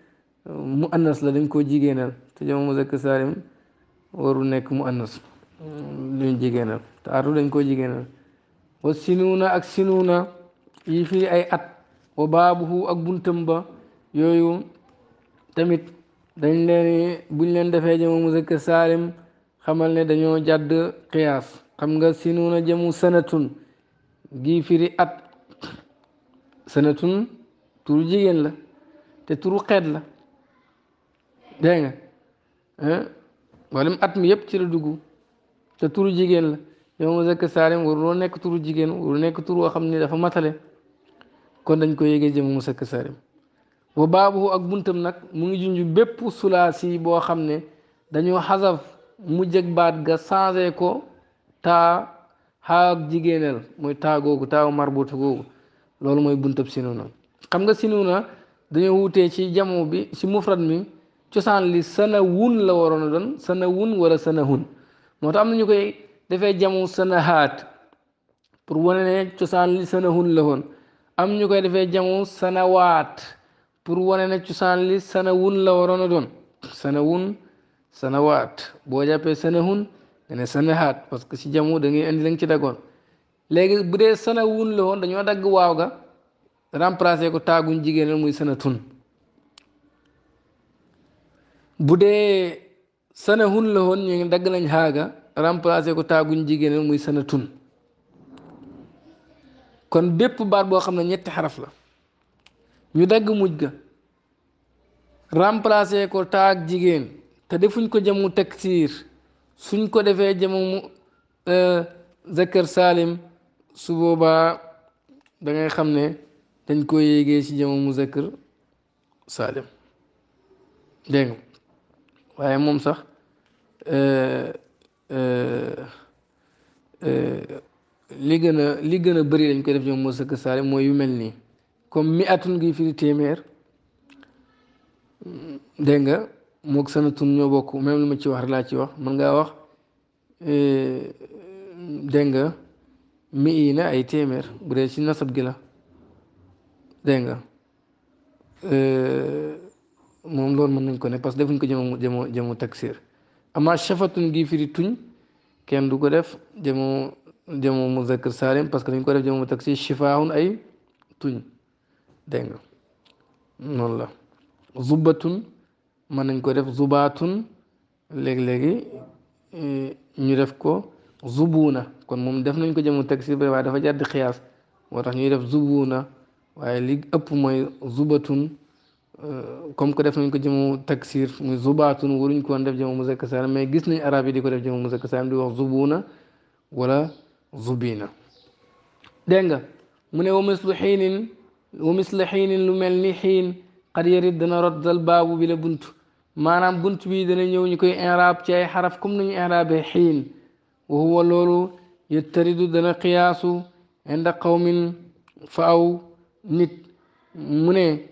mu annas la dañ koo jigéenal te jama muzakkar saalim waru nekk mu annas mm, luñ jigéenal te dañ koo jigéenal wa sinuuna ak sinuuna yi fii ay at wa baabuhu ak buntam ba yooyu tamit dañ leen buñ leen defee jama muzakkar saalim xamal ne dañoo jàdd qiyaas xam nga sinuuna jamu sanatun gii firi at sanatun turu jigéen la te turu xeet la dégg nga walam eh? at mi yëpp ci la dugg te turu jigéen la yow ma zakk saalim waruloo nekk turu jigéen warul nekk turu woo xam ne dafa matale kon dañ ko yégee jëm mu sakk saalim wa baabu ak buntam nag mu ngi junj bépp sulaasi boo xam ne dañoo xasaf mu jëg baat ga changé ko taa xaag jigéenal mooy taa googu taaw marbuutu googu loolu mooy buntab sinuna xam nga sinuna dañoo wutee ci jamoo bi ci mufrad mi cosaan li sanawun la waroon a doon sanawun wala sanahun moo tax na ñu koy defee jamu sanahaat pour wane ne cosaan li sanahun la am ñu koy defee jamu sanawaat pour wane ne cosaan li sanawun la waroon a doon sanawun waat boo jàppee sanahun nga ne sanahaat parce que ci jamu da ngay indi lañ ci dagoon léegi bu dee sana la woon dañoo dagg waaw ga remplacé ko taaguñ jigéen muy sana bu dee sana la woon ñu ngi dagg nañ xaaga remplacé ko taaguñ jigéen muy sana kon bépp baat boo xam ne ñetti xaraf la ñu dagg muj ga remplacé ko taag jigéen te defuñ ko jamu taksiir suñ ko defee jamu euh, zakkar saalim su boobaa da ngay xam ne dañ ko yéegee ci jama muzakkar saalim dégg nga waaye moom sax euh, euh, euh, li gën a li gën a bëri dañ koy def jama muzakkar saalim mooy yu mel nii comme mi atun gi firi téeméer dégg nga moog sanatun ñoo bokk même lu ma ci wax laa ci wax mën ngaa wax dégg nga mi na ay téeméer bu dee ci nasab gi la dégg nga euh, moom loolu mën nañ ko ne parce que defuñ ko jëmo jëmo jëmo taksir ama gii gi firi tuñ kenn du ko def jëmo jëmo muzakkar saalim parce que dañ ko def jëmo taksir shifaahun ay tuñ dégg nga noonu la zubatun mën nañ ko def zubaatun léegi-léegi euh, ñu def ko zubuuna kon moom def nañ ko jëmu taksir ba waaye dafa jàdd xiyaas moo tax ñuy def zubuuna waaye li ëpp mooy zubatun euh, comme que def nañ ko jëmu taksir muy zubaatun waruñ ko woon def jëmu muzakkar saalim mais gis nañ arab yi di ko def jëmu muzakkar saalim di wax zubuuna wala zubiina dégg nga mu ne wa mislu xiinin wa mislu xiinin lu mel ni xiin xad yarit dana roddal baabu bi bunt maanaam bunt bi dana ñëw ñu koy inraab ci ay xaraf comme nañu inraabee xiin waxuwa loolu yettaridu dana xiyaasu inda qawmin fa nit mune ne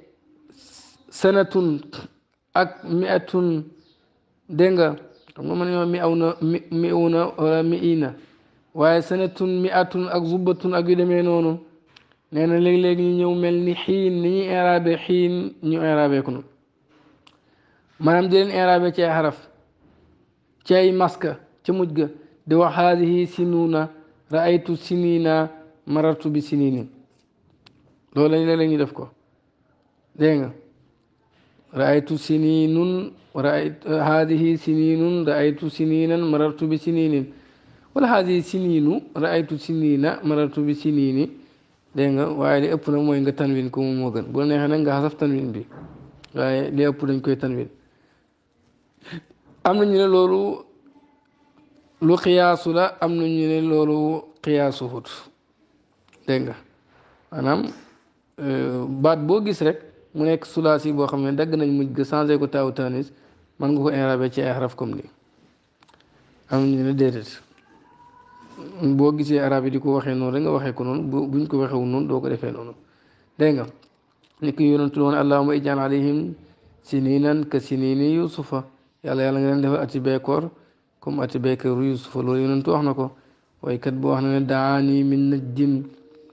sanatun ak miatun dégg nga xam nga mi aw na mi mi una wala mi ina waaye sanatun miatun ak zubatun ak yu demee noonu nee na léeg-léeg ñu ñëw mel ni xiin ni ñuy inrabe xiin ñu inrabe ko noonu maanaam di leen inrabe ci ay xaraf maska ca mujj ga di wax haadihi sinuuna raaytu siniina marartu si siniini loolu lañ la ñu def ko dégg nga raaytu siniinun raaytu haadihi siniinun raaytu siniinan marartu bi siniinin wala haadihi siniinu raaytu siniina marartu si siniini dégg nga waaye li ëpp nag mooy nga tanwin ko moom moo gën bu la neexee nag nga xasaf tanwin bi waaye li ëpp dañ koy tanwin am nañu ne loolu lu xiyaasu la am na ñu ne loolu xiyaasu hut dégg nga maanaam euh, baat boo gis rek mu nekk sulaasi boo xam ne dagg nañ mujj ga changé ko taawu tanis man nga ko inrabe ci ay xaraf comme nii am ñu ne déedéet boo gisee arab di ko waxee noonu rek nga waxee ko noonu buñ ko waxewu noonu doo ko defee noonu dégg nga ni ko yonantul woon allahuma ijaan alayhim sininan ka sinini yusufa yàlla yàlla nga leen defal ati beekoor كم أتبيك يوسف ولين تهنك ويكتبوا أن دعاني من نجم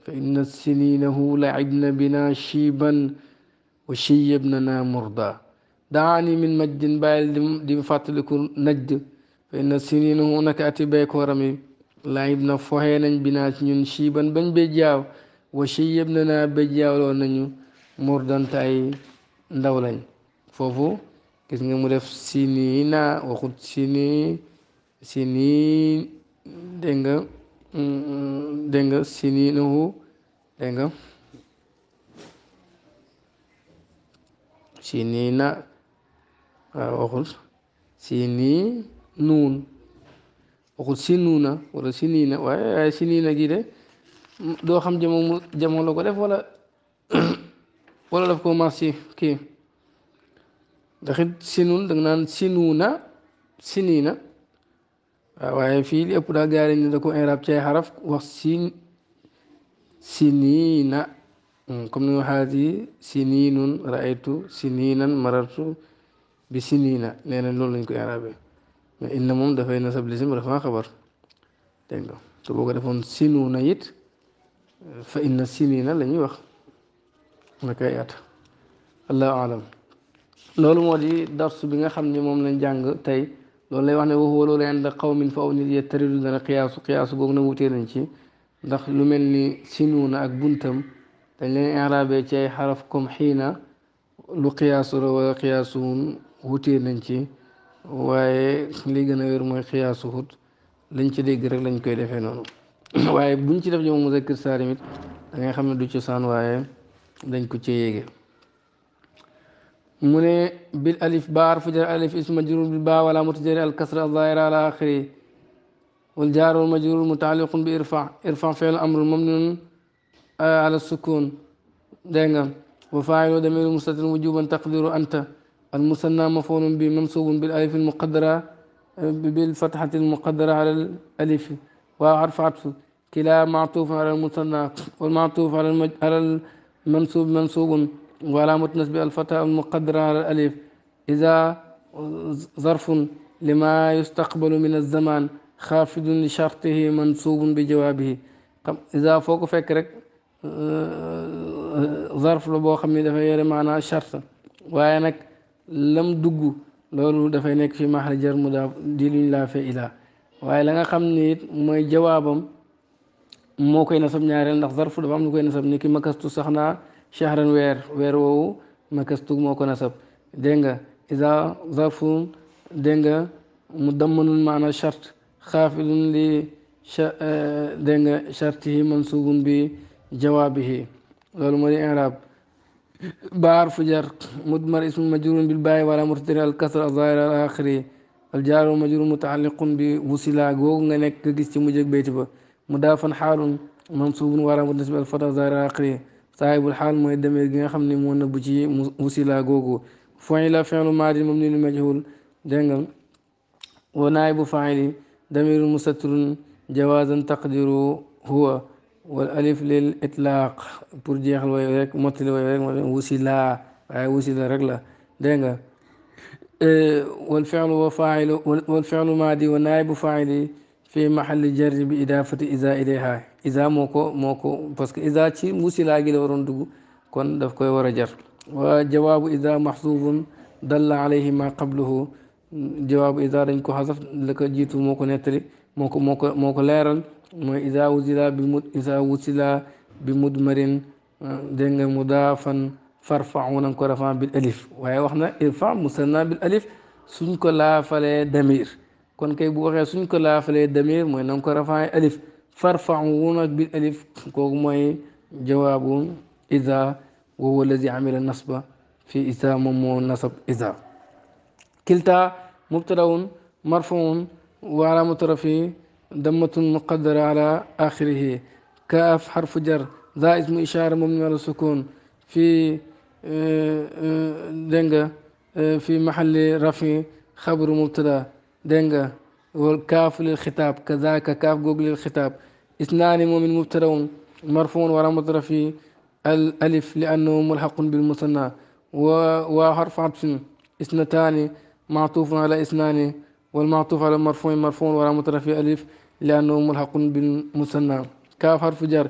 فإن السنين هو لعبنا بنا شيبا وشيبنا مرضى دعاني من مجد بايل دم فاتلك نجد فإن السنين هناك أتبيك ورمي لعبنا فهينا بنا شيبا بن بجاو وشيبنا بجاو لوننا مرضى تاي دولين فوفو كيس نمو سنين وخد سنين sini denga nga dégg nga sininuhu denga nga sinina waaw waxul sini nuun waxul sinuuna wala sinina waaye waaye sinina gire de doo xam jamo mu jamo la def wala wala daf ko mas ci kii ndaxit sinun danga nan sinuna sinina waaye fii li ëpp daal gars yi ñu da ko irab ci xaraf wax siin siniina comme ni ma xaati siniinun raaytu siniinan marartu bi siniina nee na loolu lañ ko irabe mais inna moom dafay nasab lisim rafa xabar dégg nga te boo ko defoon sinuuna it fa inna siniina la ñuy wax na koy at allahu alam loolu moo di dars bi nga xam ni moom lañ jàng tey loolu lay wax ne waxu waloolu en la qawmin fa aw nit yettaridu dana xiyaasu xiyaasu boobu na wutee ci ndax lu mel ni sinuuna ak buntam dañ leen inrabe ci ay xaraf comme xiina lu xiyaasu la wala nañ ci waaye li gën a wér mooy xiyaasuhut lañ ci dégg rek lañ koy defee noonu waaye buñ ci def ñoom mu saalim it dangay xam ne du ci saan waaye dañ ko ci yéege مني بالالف بار فجر الالف اسم مجرور بالباء ولا متجر الكسر الظاهر على اخره والجار والمجرور متعلق بارفع ارفع فعل امر الممنون آه، على السكون دينا وفاعل دمير مستتر وجوبا تقدير انت المثنى مفعول بمنصوب بالالف المقدره آه، بالفتحة المقدرة على الألف وعرف عطف كلا معطوف على المثنى والمعطوف على المج... على المنصوب منصوب ولا متنس بالفتاة المقدرة الألف إذا ظرف لما يستقبل من الزمان خافض لشرطه منصوب بجوابه إذا فوق فكرك آه، آه، ظرف لبو خمي دفع يري معنى شرط وأنك لم دقو لولو دفع في محل جر مضاف دل لا فعلا وأي لغا خمني ما جوابم مو كاين نصب نيارل ظرف دفع مو نصب نيكي مكستو سخنا shahran weer weer woowu makastug moo ko nasab dégg nga isa zarfun dégg nga mu dammanul maana chart xaafilun li eh, dégg nga chartihi mansubun bi jawaabihi loolu moo di inrab baar fujar mudmar ismu majrurun bil baayi wala murtari al kasr al zahir al axiri al jaaru majrur mutaalliqun bi wusila googu nga nekk nga gis ci mujj ak bayti ba mudaafan xaalun mansubun wala mutnasib al fata al zahir al axiri صاحب الحال موي دمي غي خامني مو نبو سي موسيلا غوغو فعل فعل ماضي مبني للمجهول دنگم ونائب فاعل ضمير مستتر جوازا تقدير هو والالف للاطلاق بور جيخل وي رك متل وي رك وسيلا اي وسيلا رك لا دنگا والفعل وفاعل والفعل ماضي ونائب فاعل في محل جر بإضافة إذا إليها إذا موكو موكو باسكو إذا تي موسي لاغي لورون دوغو كون داف وجواب إذا محذوف دل عليه ما قبله جواب إذا دنجكو حذف لك جيتو موكو نتري موكو موكو موكو ليرال إذا وزلا بمد إذا وصلا بمدمر دنج مضافا فرفعون كرفا بالالف واي واخنا ارفع مسنى بالالف سنكو لا فلي دمير كون كي بو واخا لا فلي دمير موي نكو رفع الف فارفعون بالالف كوغماي جواب اذا وهو الذي عمل النصب في اذا مو نصب اذا كلتا مبتدا مرفوع وعلى مترفي دمة مقدرة على آخره كاف حرف جر ذا اسم إشارة مبني على السكون في آه، آه، دنجا آه، في محل رفع خبر مبتدا دنجا والكاف للخطاب كذلك كاف جوجل للخطاب اثنان مؤمن مبتدا مرفوع ولا مضر في الألف لأنه ملحق بالمثنى وحرف عطف اثنتان معطوف على اثنان والمعطوف على مرفوع مرفوع ولا مضر في ألف لأنه ملحق بالمثنى كاف حرف جر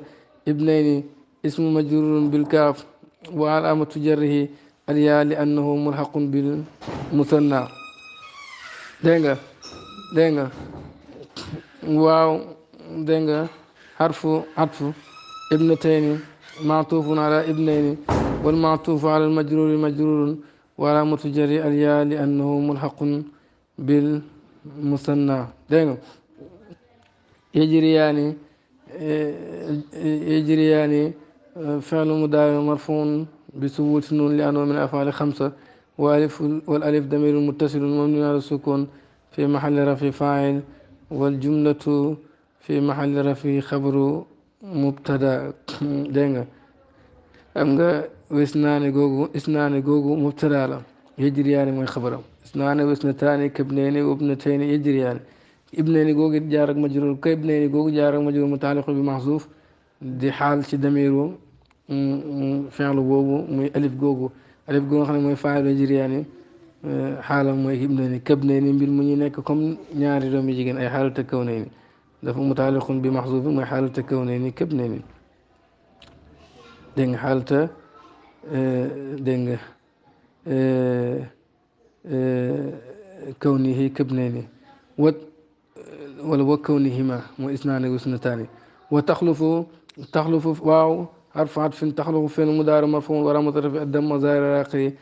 ابنين اسم مجرور بالكاف وعلامة جره الياء لأنه ملحق بالمثنى دينغا دينغا واو دينغا حرف عطف ابنتين معطوف على ابنين والمعطوف على المجرور مجرور وعلى متجري الياء لأنه ملحق بالمثنى دينو يجريان اه، يجريان اه، فعل مضارع مرفوع بثبوت نون لأنه من أفعال خمسة وألف والألف ضمير متصل مبني على السكون في محل رفع فاعل والجملة في محل رفي خبره مبتدا دينغا امغا وسنان غوغو اسنان غوغو مبتدا لا يجريان من خبره اسنان وسنتان كبنين وابنتين يجريان ابنين غوغ جارك مجرور كابنين غوغ جارك مجرور متعلق بمحذوف دي حال شي دميرو فعل غوغو مي الف غوغو الف غوغو خني مي فاعل يجرياني حالا مي ابنين كبنين بير مني نيك كوم نياري رومي جيغن اي حال تكونين dafa mutaalliqun bi maxzuufin mooy xaalata kawnayni kabnayni dégg nga xaalata dégg nga kawnihi kabnayni wa wala wa kawnihima mooy isnaani wa isnataani wa taxlufu taxlufu waaw xarfu atfin taxlufu fi'l mudaari marfuun wa ramata fi addam zaahir raaqi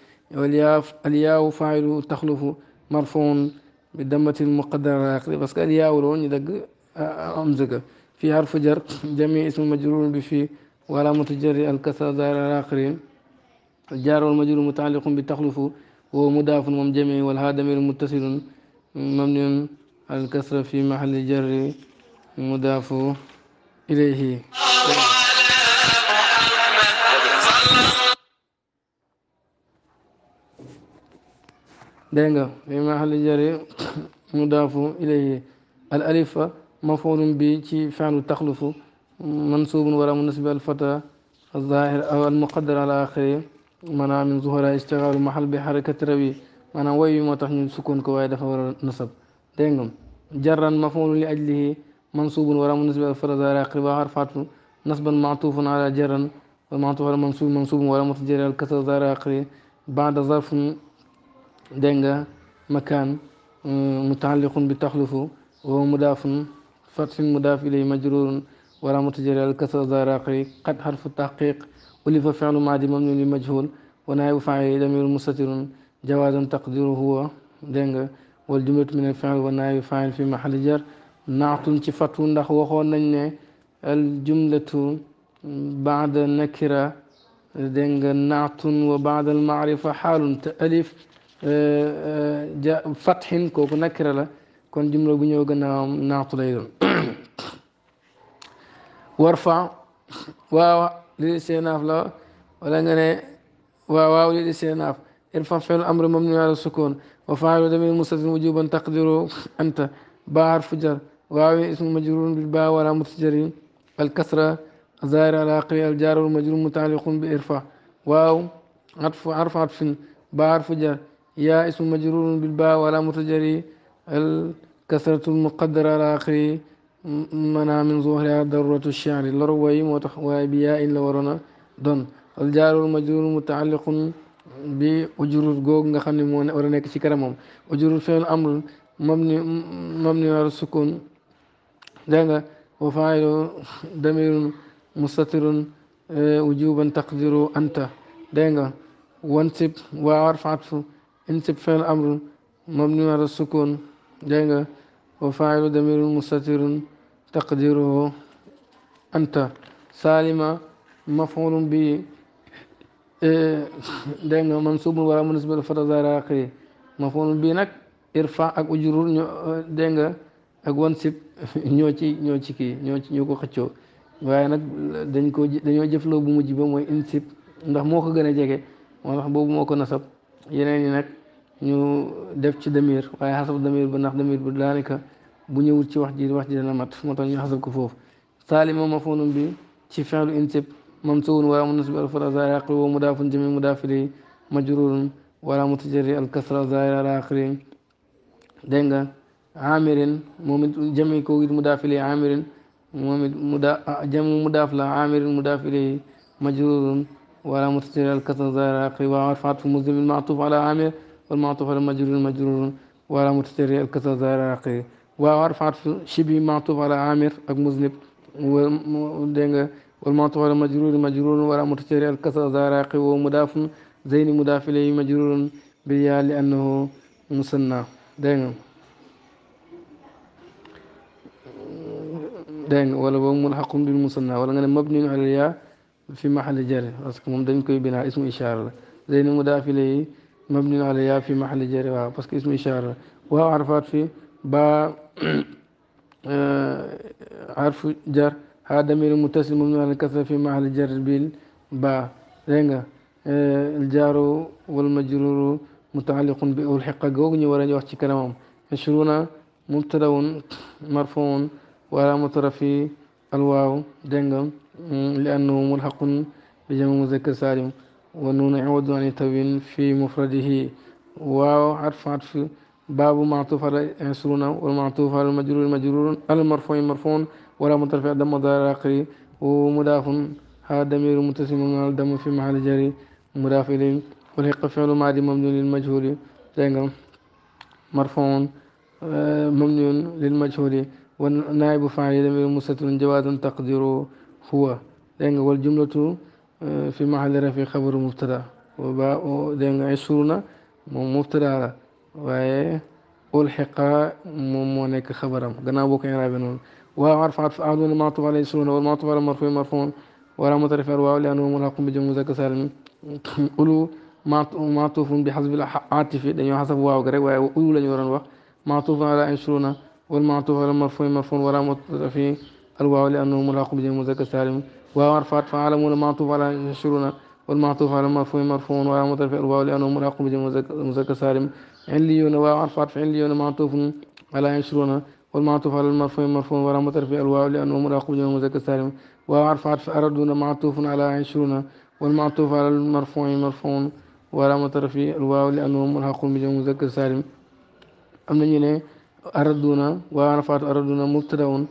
alyaaw faa'ilu taxlufu marfuun bi dammatin muqaddara raaqi parce que alyaaw la woon ñu dagg أمزجة في حرف جر جميع اسم مجرور بفي ولا متجر الكسر ظاهر الآخرين الجار والمجرور متعلق بتخلف وهو مضاف ومجمع والهادم المتصل متصل مبني على الكسر في محل جر مضاف إليه دينغا في محل جر مضاف إليه الألف مفعول به شيء فعل تخلف منصوب ولا منسب الفتى الظاهر أو المقدر على آخره منع من ظهر اشتغال محل بحركة روي منع وي متحن سكون كوايد فور نصب دينغم جرا مفعول لأجله منصوب ولا منسب الفتى ظاهر آخره وحرف نصبا معطوف على جرا ومعطوف على منصوب منصوب ولا متجر الكسر ظاهر آخره بعد ظرف دينغا مكان متعلق بتخلفه وهو مدافن فتح مضاف إليه مجرور ولا متجر على الكسر ظاهر آخره قد حرف التحقيق ألف فعل ماضي مبني لمجهول ونائب فاعل ضمير مستتر جوازا تقديره هو دنگ والجملة من الفعل ونائب فاعل في محل جر نعت ci fatu وخون waxoon nañ بعد نكرة دنگ نعت وبعد المعرفة حال ألف آه، آه، فتح كوك نكرة كون جملة بنيو نعت ليدون ورفع واو لسيناف لا ولا غني واو لسيناف ارفع فعل الامر مبني على السكون وفاعل دمي مستتر وجوبا تقدر انت باع جر واو اسم مجرور بالباء ولا متجر الكسره الظاهر على عقل الجار والمجرور متعلق بارفع واو عطف عرف عطف باع فجر يا اسم مجرور بالباء ولا متجر الكسره المقدره على اخره mana min zuhriha daruratu shari lor way moo tax waaye bi yaa in la waroon a doon al jaarul majruur mutaalliqun bi ujurut googu nga xam ne moo war a nekk ci kanamam ujurut fi'l amr mabni mabni ala sukun dégg nga wa faa'ilu damirun mustatirun wujuban taqdiru anta dégg nga wansib waa warfa atfu insib fi'l amr mabni ala sukun dégg nga wa faa'ilu damirun mustatirun تقديره أنت سالمة مفعول به دائما منصوب ولا منسب الفرد راقي مفعول به نك irfa ak ujurur ño dégg nga ak wan sib ñoo ci ñoo ci ki ñoo ci ñoo ko xëccoo waaye nag dañ ko dañoo jëfloo bu mujj ba mooy insib ndax moo ko gën a jege moo boobu moo ko nasab yeneen yi nag ñu def ci damir waaye xasab damir ba ndax damir bu daanaka bu ñëwut ci wax ji wax ji dana mat moo tax ñu xasal ko foofu saalima mafoonum bi ci fexlu intib mamsuun wala munasib alfar azari aqri wa jami mudaafiri majrurun wala mutajarri alkasra azari al aqri dégg nga amirin moom it jami ko it mudafili amirin moom it muda jami mudaaf la amirin mudaafili majrurun ولا متجر الكسر زائر عقري وعرفات مسلم المعطوف على عامر والمعطوف على مجرور مجرور ولا متجر الكسر زائر عقري وارفع في شبي معطوف على عامر اك مذنب ودنگ والمعطوف على مجرور مجرور ولا متجر الكسر زارق ومضاف زين مضاف اليه مجرور بيا لانه مسنى دنگ دنگ ولا ملحق بالمسنى ولا مبني على الياء في محل جر باسكو مم دنج كوي بنا اسم اشاره زين مضاف اليه مبني على الياء في محل جر آه، باسكو اسم اشاره وعرفات في با آه، عرف جر هذا من المتصل من الكسر في محل جر بال با رنجا آه، الجار والمجرور متعلق بألحق جوج ولا يوحش كلامهم مشرونا مبتدأ مرفوع ولا مترفي الواو دنجم لأنه ملحق بجمع مذكر سالم ونون عوض عن التوين في مفرده واو عرف عرف باب معطوف على عشرون والمعطوف على المجرور المجرور المرفوع مرفوع ولا مترفع دم وضار آخره ومضاف هذا ضمير متسم من الدم في محل جري مضاف إليه ولحق فعل ماضي ممنون للمجهول مرفوع آه، ممنون للمجهول والنائب فاعل ضمير مستتر جواد تقديره هو والجملة آه، في محل رفع خبر مبتدا وباء عشرون مبتدا واي الحق مونيك خبرم قلنا بوك يا رابي نون وعرف عرف اعدون المعطوب عليه سنون والمعطوب على مرفوع مرفون ولا مطرف الواو لانه ملحق بجمع ذاك سالم قلو معطوف بحسب العاطفة لأنه حسب واو غريق وقلو لن يوران وقت معطوف على عشرون والمعطوف على مرفوع مرفوع ولا مطرف الواو لأنه ملحق بجمع ذاك سالم واو عرفات فعلم المعطوف على عشرون والمعطوف على مرفوع مرفوع ولا مطرف الواو لأنه ملحق بجمع ذاك سالم عليون وعرف عرف عليون معطوف على عشرون والمعطوف على المرفوع مرفوع وراء مترفي الواو لأنه مراقب جمع مذكر سالم وعرف عرف أردون معطوف على عشرون والمعطوف على المرفوع مرفوع وراء مترفي الواو لأنه مراقب جمع مذكر سالم أم نجي أردون وعرف عرف أردون مبتدأ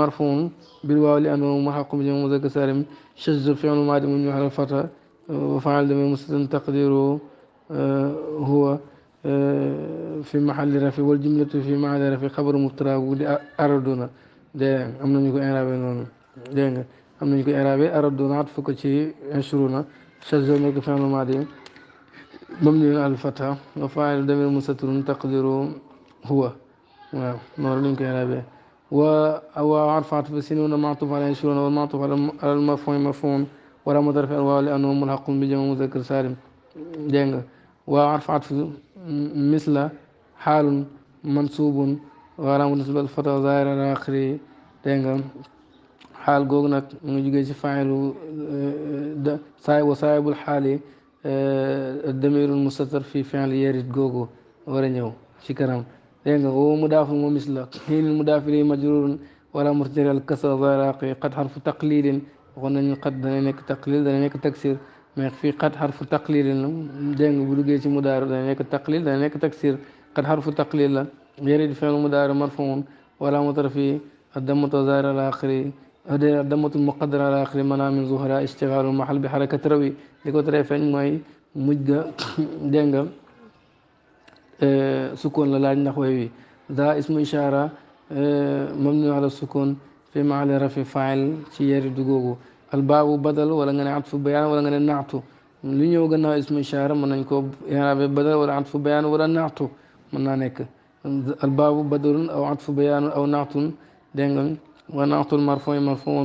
مرفوع بالواو لأنه مراقب جمع مذكر سالم شجر فعل ماضي من يحرف فتح وفعل دم مستن تقديره آه، هو في محل رفي والجملة في محل رفي خبر مبتدا ولي أردنا دين أمنا نيكو إعرابي نون دين أمنا نيكو إعرابي أردنا عطفك شيء ينشرونا شزونا كفان المادين بمني الفتح وفاعل دمير مستطرون تقدروا هو نعم، نورلين كإعرابي و أو عرف عطف سنون معطوف على ينشرونا والمعطوف على المفهوم مفهوم ولا مدرف أنواع لأنهم ملحقون بجمع مذكر سالم دين وعرف عطف مثل حال منصوب غير منصوب الفتى ظاهر الى اخره دنگ حال غوغ نك مي جوغي سي فاعل ساي آه، وصايب آه، الحال آه، الدمير المستتر في فعل يرد غوغو ورا نيو سي كرام دنگ هو مدافع مو مثل حين المدافع مجرور ولا مرتجل الكسر ظاهر قد حرف تقليل وقلنا قد نك تقليل نك تكسير mais fii xat xarfu taqlil la dégg nga bu duggee ci mudaaru dana nekk taqlil dana nekk taksir xat xarfu taqlil la yarid fi'l mudaaru marfuun wala mutar fii الضمة الظاهرة على آخره الضمة المقدرة على آخر منع من ظهرها اشتغال المحل بحركة روي li ko teree feeñ mooy mujj ga dégg nga sukkoon la laaj ndax way wi daa ismu ishaara mamnu ala sukkoon fi maali rafi faayil ci yari dugoogu الباب بدل ولا غن عطف بيان ولا غن نعت لي نيو غنا اسم اشاره من نكو يعني بدل ولا عطف بيان ولا نعت من نك الباب بدل او عطف بيان او نعت دنگن ونعت المرفوع مرفوع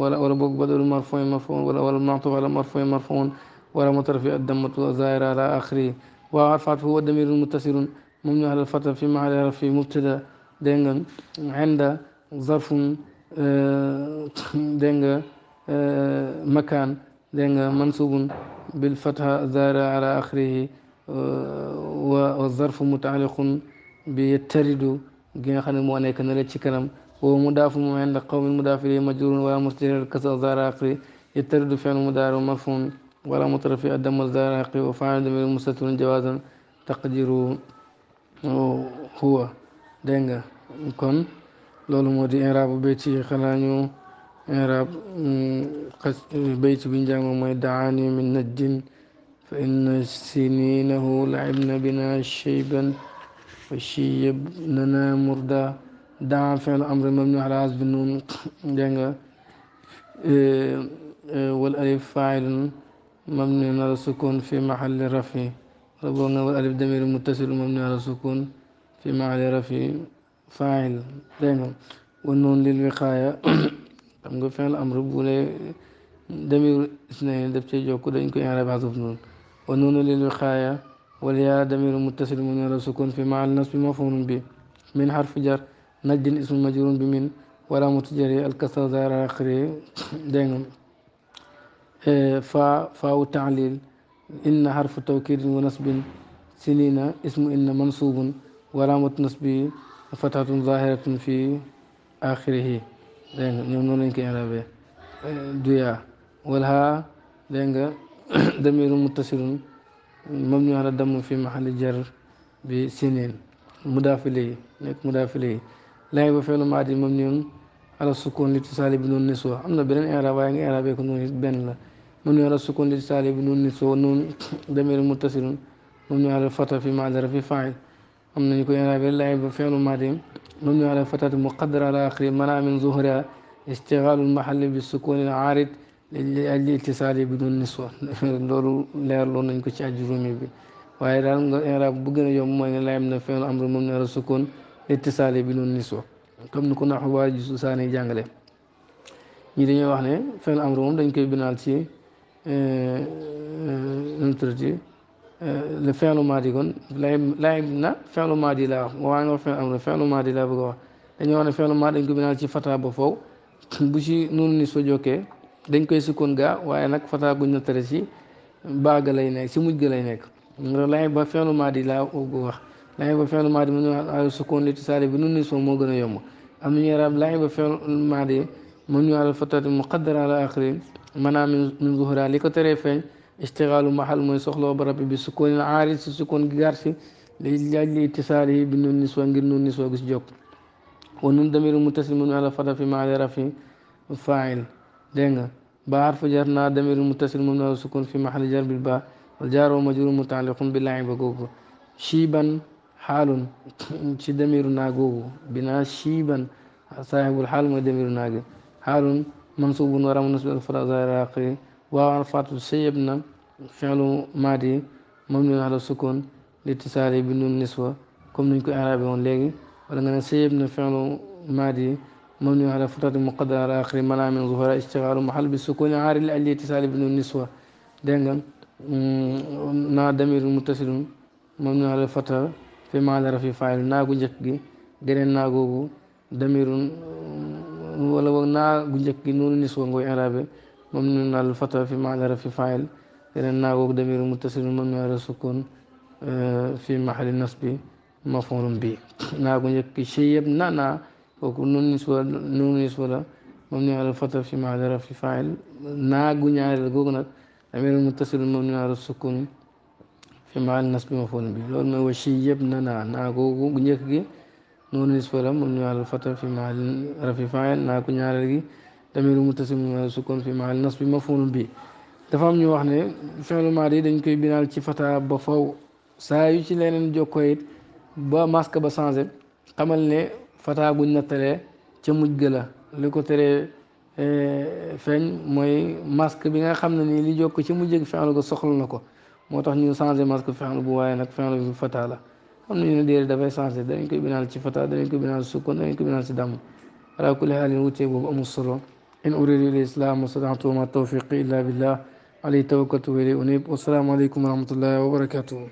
ولا ولا بوك بدل المرفوع مرفوع ولا ولا نعت ولا مرفوع مرفوع ولا مترفع الدم زائر على اخره وعرفت هو الدمير المتصل ممنوع على الفتح في محل في مبتدا دنگن عند ظرف آه، دنگن makaan dégg nga mansubun bil fatha zara ala axirihi wa zarfu mutaaliqun bi yattaridu gi nga xam ne moo nekk na la ci kanam wa mudaafu mu inda qawmin mudaafu ilayhi majrurun wala mustajir kasra zara axiri yattaridu fi'l mudaari marfuun wala mutarafi adama zara axiri wa fa'il damir mustatirun jawaazan taqdiru huwa dégg nga kon loolu moo di iraabu bayt yi xanaa ñu رب بيت بن جامع دعاني من الجن فإن سنينه لعبن بنا شيبا لنا مردا دعا فعل أمر مبني على عزب النون جانا إيه، إيه، والألف فاعل مبني على السكون في محل رفي ربنا والألف دمير متصل مبني على السكون في محل رفي فاعل جنجا والنون للوقاية xam nga fin amru bu ne damiru isnayn daf cee jokk dañ koy arab xasuf noonu wa noonu lil wiqaaya wal yaa damiru muttasil mu ñëla sukun fi maal nas bi mafhum bi min xarfu jar najdin ismu majrun bi min wala mutujari alkasra zaara axri dégg nga fa faawu taalil إن حرف توكيد ونصب سنين اسم إن منصوب ورامة نصب فتحة ظاهرة في آخره dégg nga ñoom noonu lañ koy arabee duyaa wal haa dégg nga damiru muttasilun mabni ala damm fi maxali jar bi sinin mudaafile nekk mudaafile laay ba feelu maat yi mabni ala sukkoon li tisaali bi noonu niswa am na beneen arab waaye nga arabee ko noonu benn la mabni ala sukkoon li tisaali bi noonu niswa noonu damiru muttasilun mabni ala fata fi maadara fi faayil am nañu koy arabee laay ba feelu maat yi نمنع على فتاة مقدرة على آخر المنع من ظهرها اشتغال المحل بالسكون العارض للاتصال بدون نسوة لولو لولو نكوش أجرومي بي ويران غيرا بغن يوم ما ينلعب نفعل أمر ممنع السكون للاتصال بدون نسوة كم نكون حواج سوساني جانغلي ñi dañuy wax ne fenn amrum dañ koy binal ci euh, euh Euh, le fi'lu maadi kon laayib na fi'lu maadi laa wax bëgg a wax dañuy wax ne fi'lu maadi dañ ko binaal ci ba foofu bu ci noonu ni soo jokkee dañ koy sukkoon gaa waaye nag fata guñ na tere si lay nekk si mujj ga lay nekk laayib ba fi'lu maadi laa wax laayib ba fi'lu mu ñu al sukkoon li tisaare bi noonu ni a yomb am ko teree feeñ اشتغال محل موي سخلو بربي بسكون عارض سكون غارسي لي لي اتصالي بنو نسوا غير نو نسوا جوك ونون دمير على فضل في معالي رفي فاعل دينغا بعرف جرنا دمير المتسلمون على سكون في محل جر بالباء والجار ومجرور متعلق باللعب غوغو شيبا حال شي دمير ناغوغو بنا شيبا صاحب الحال مدمير ناغ حال منصوب ورا منصوب الفرا زائر اخي وعرفات سيبنا نعم، فعل ماضي مبني على السكون لاتصاله بالنون نسوة كم نكو إعرابي هون لغي ولكن سيبنا نعم، فعل ماضي مبني على فترة مقدرة على آخر منع من ظهور اشتغال محل بالسكون عاري لأجل اتصاله بالنون نسوة دنجم نا دمير متصل مبني على الفترة في معنى رفي فاعل ناكو جكي جرين ناكو دمير ولا ناكو جكي نون نسوة نكو إعرابي ممنون على الفتح في معنى رفع فاعل لأن ناغوك ضمير متصل ممنون على السكون في محل نصب مفعول به ناغو نيك شيب نانا وكو نون نسوة نون نسوة ممنون على الفتح في معنى رفع فاعل ناغو نيال غوغنا ضمير متصل ممنون على السكون في محل نصب مفعول به لول ما وشيب نانا ناغو نيك نون نسوة ممنون على الفتح في محل رفع فاعل ناغو نيال damiru mutasim sukkoon fi mahal nasbi maf'ulun bi dafa am ñu wax ne fi'lu maadi dañ koy binaal ci fata ba faw saa yu ci leneen jokkoo it ba masque ba changé xamal ne fata buñ nattalee ca mujj ga la li ko teree feeñ mooy masque bi nga xam ne nii li jokk ci mujj gi fi'lu ga soxla na ko moo tax ñu changé masque fi'lu bu waaye nag fi'lu bi fata la xam nañu ne déedéet dafay changé danañ koy binaal ci fata danañ koy binaal sukkoon danañ koy binaal ci damm ala kulli xaalin wutee boobu amul solo إن أريد الإسلام واستطعت وما التوفيق إلا بالله عليه توكلت وإليه أنيب والسلام عليكم ورحمة الله وبركاته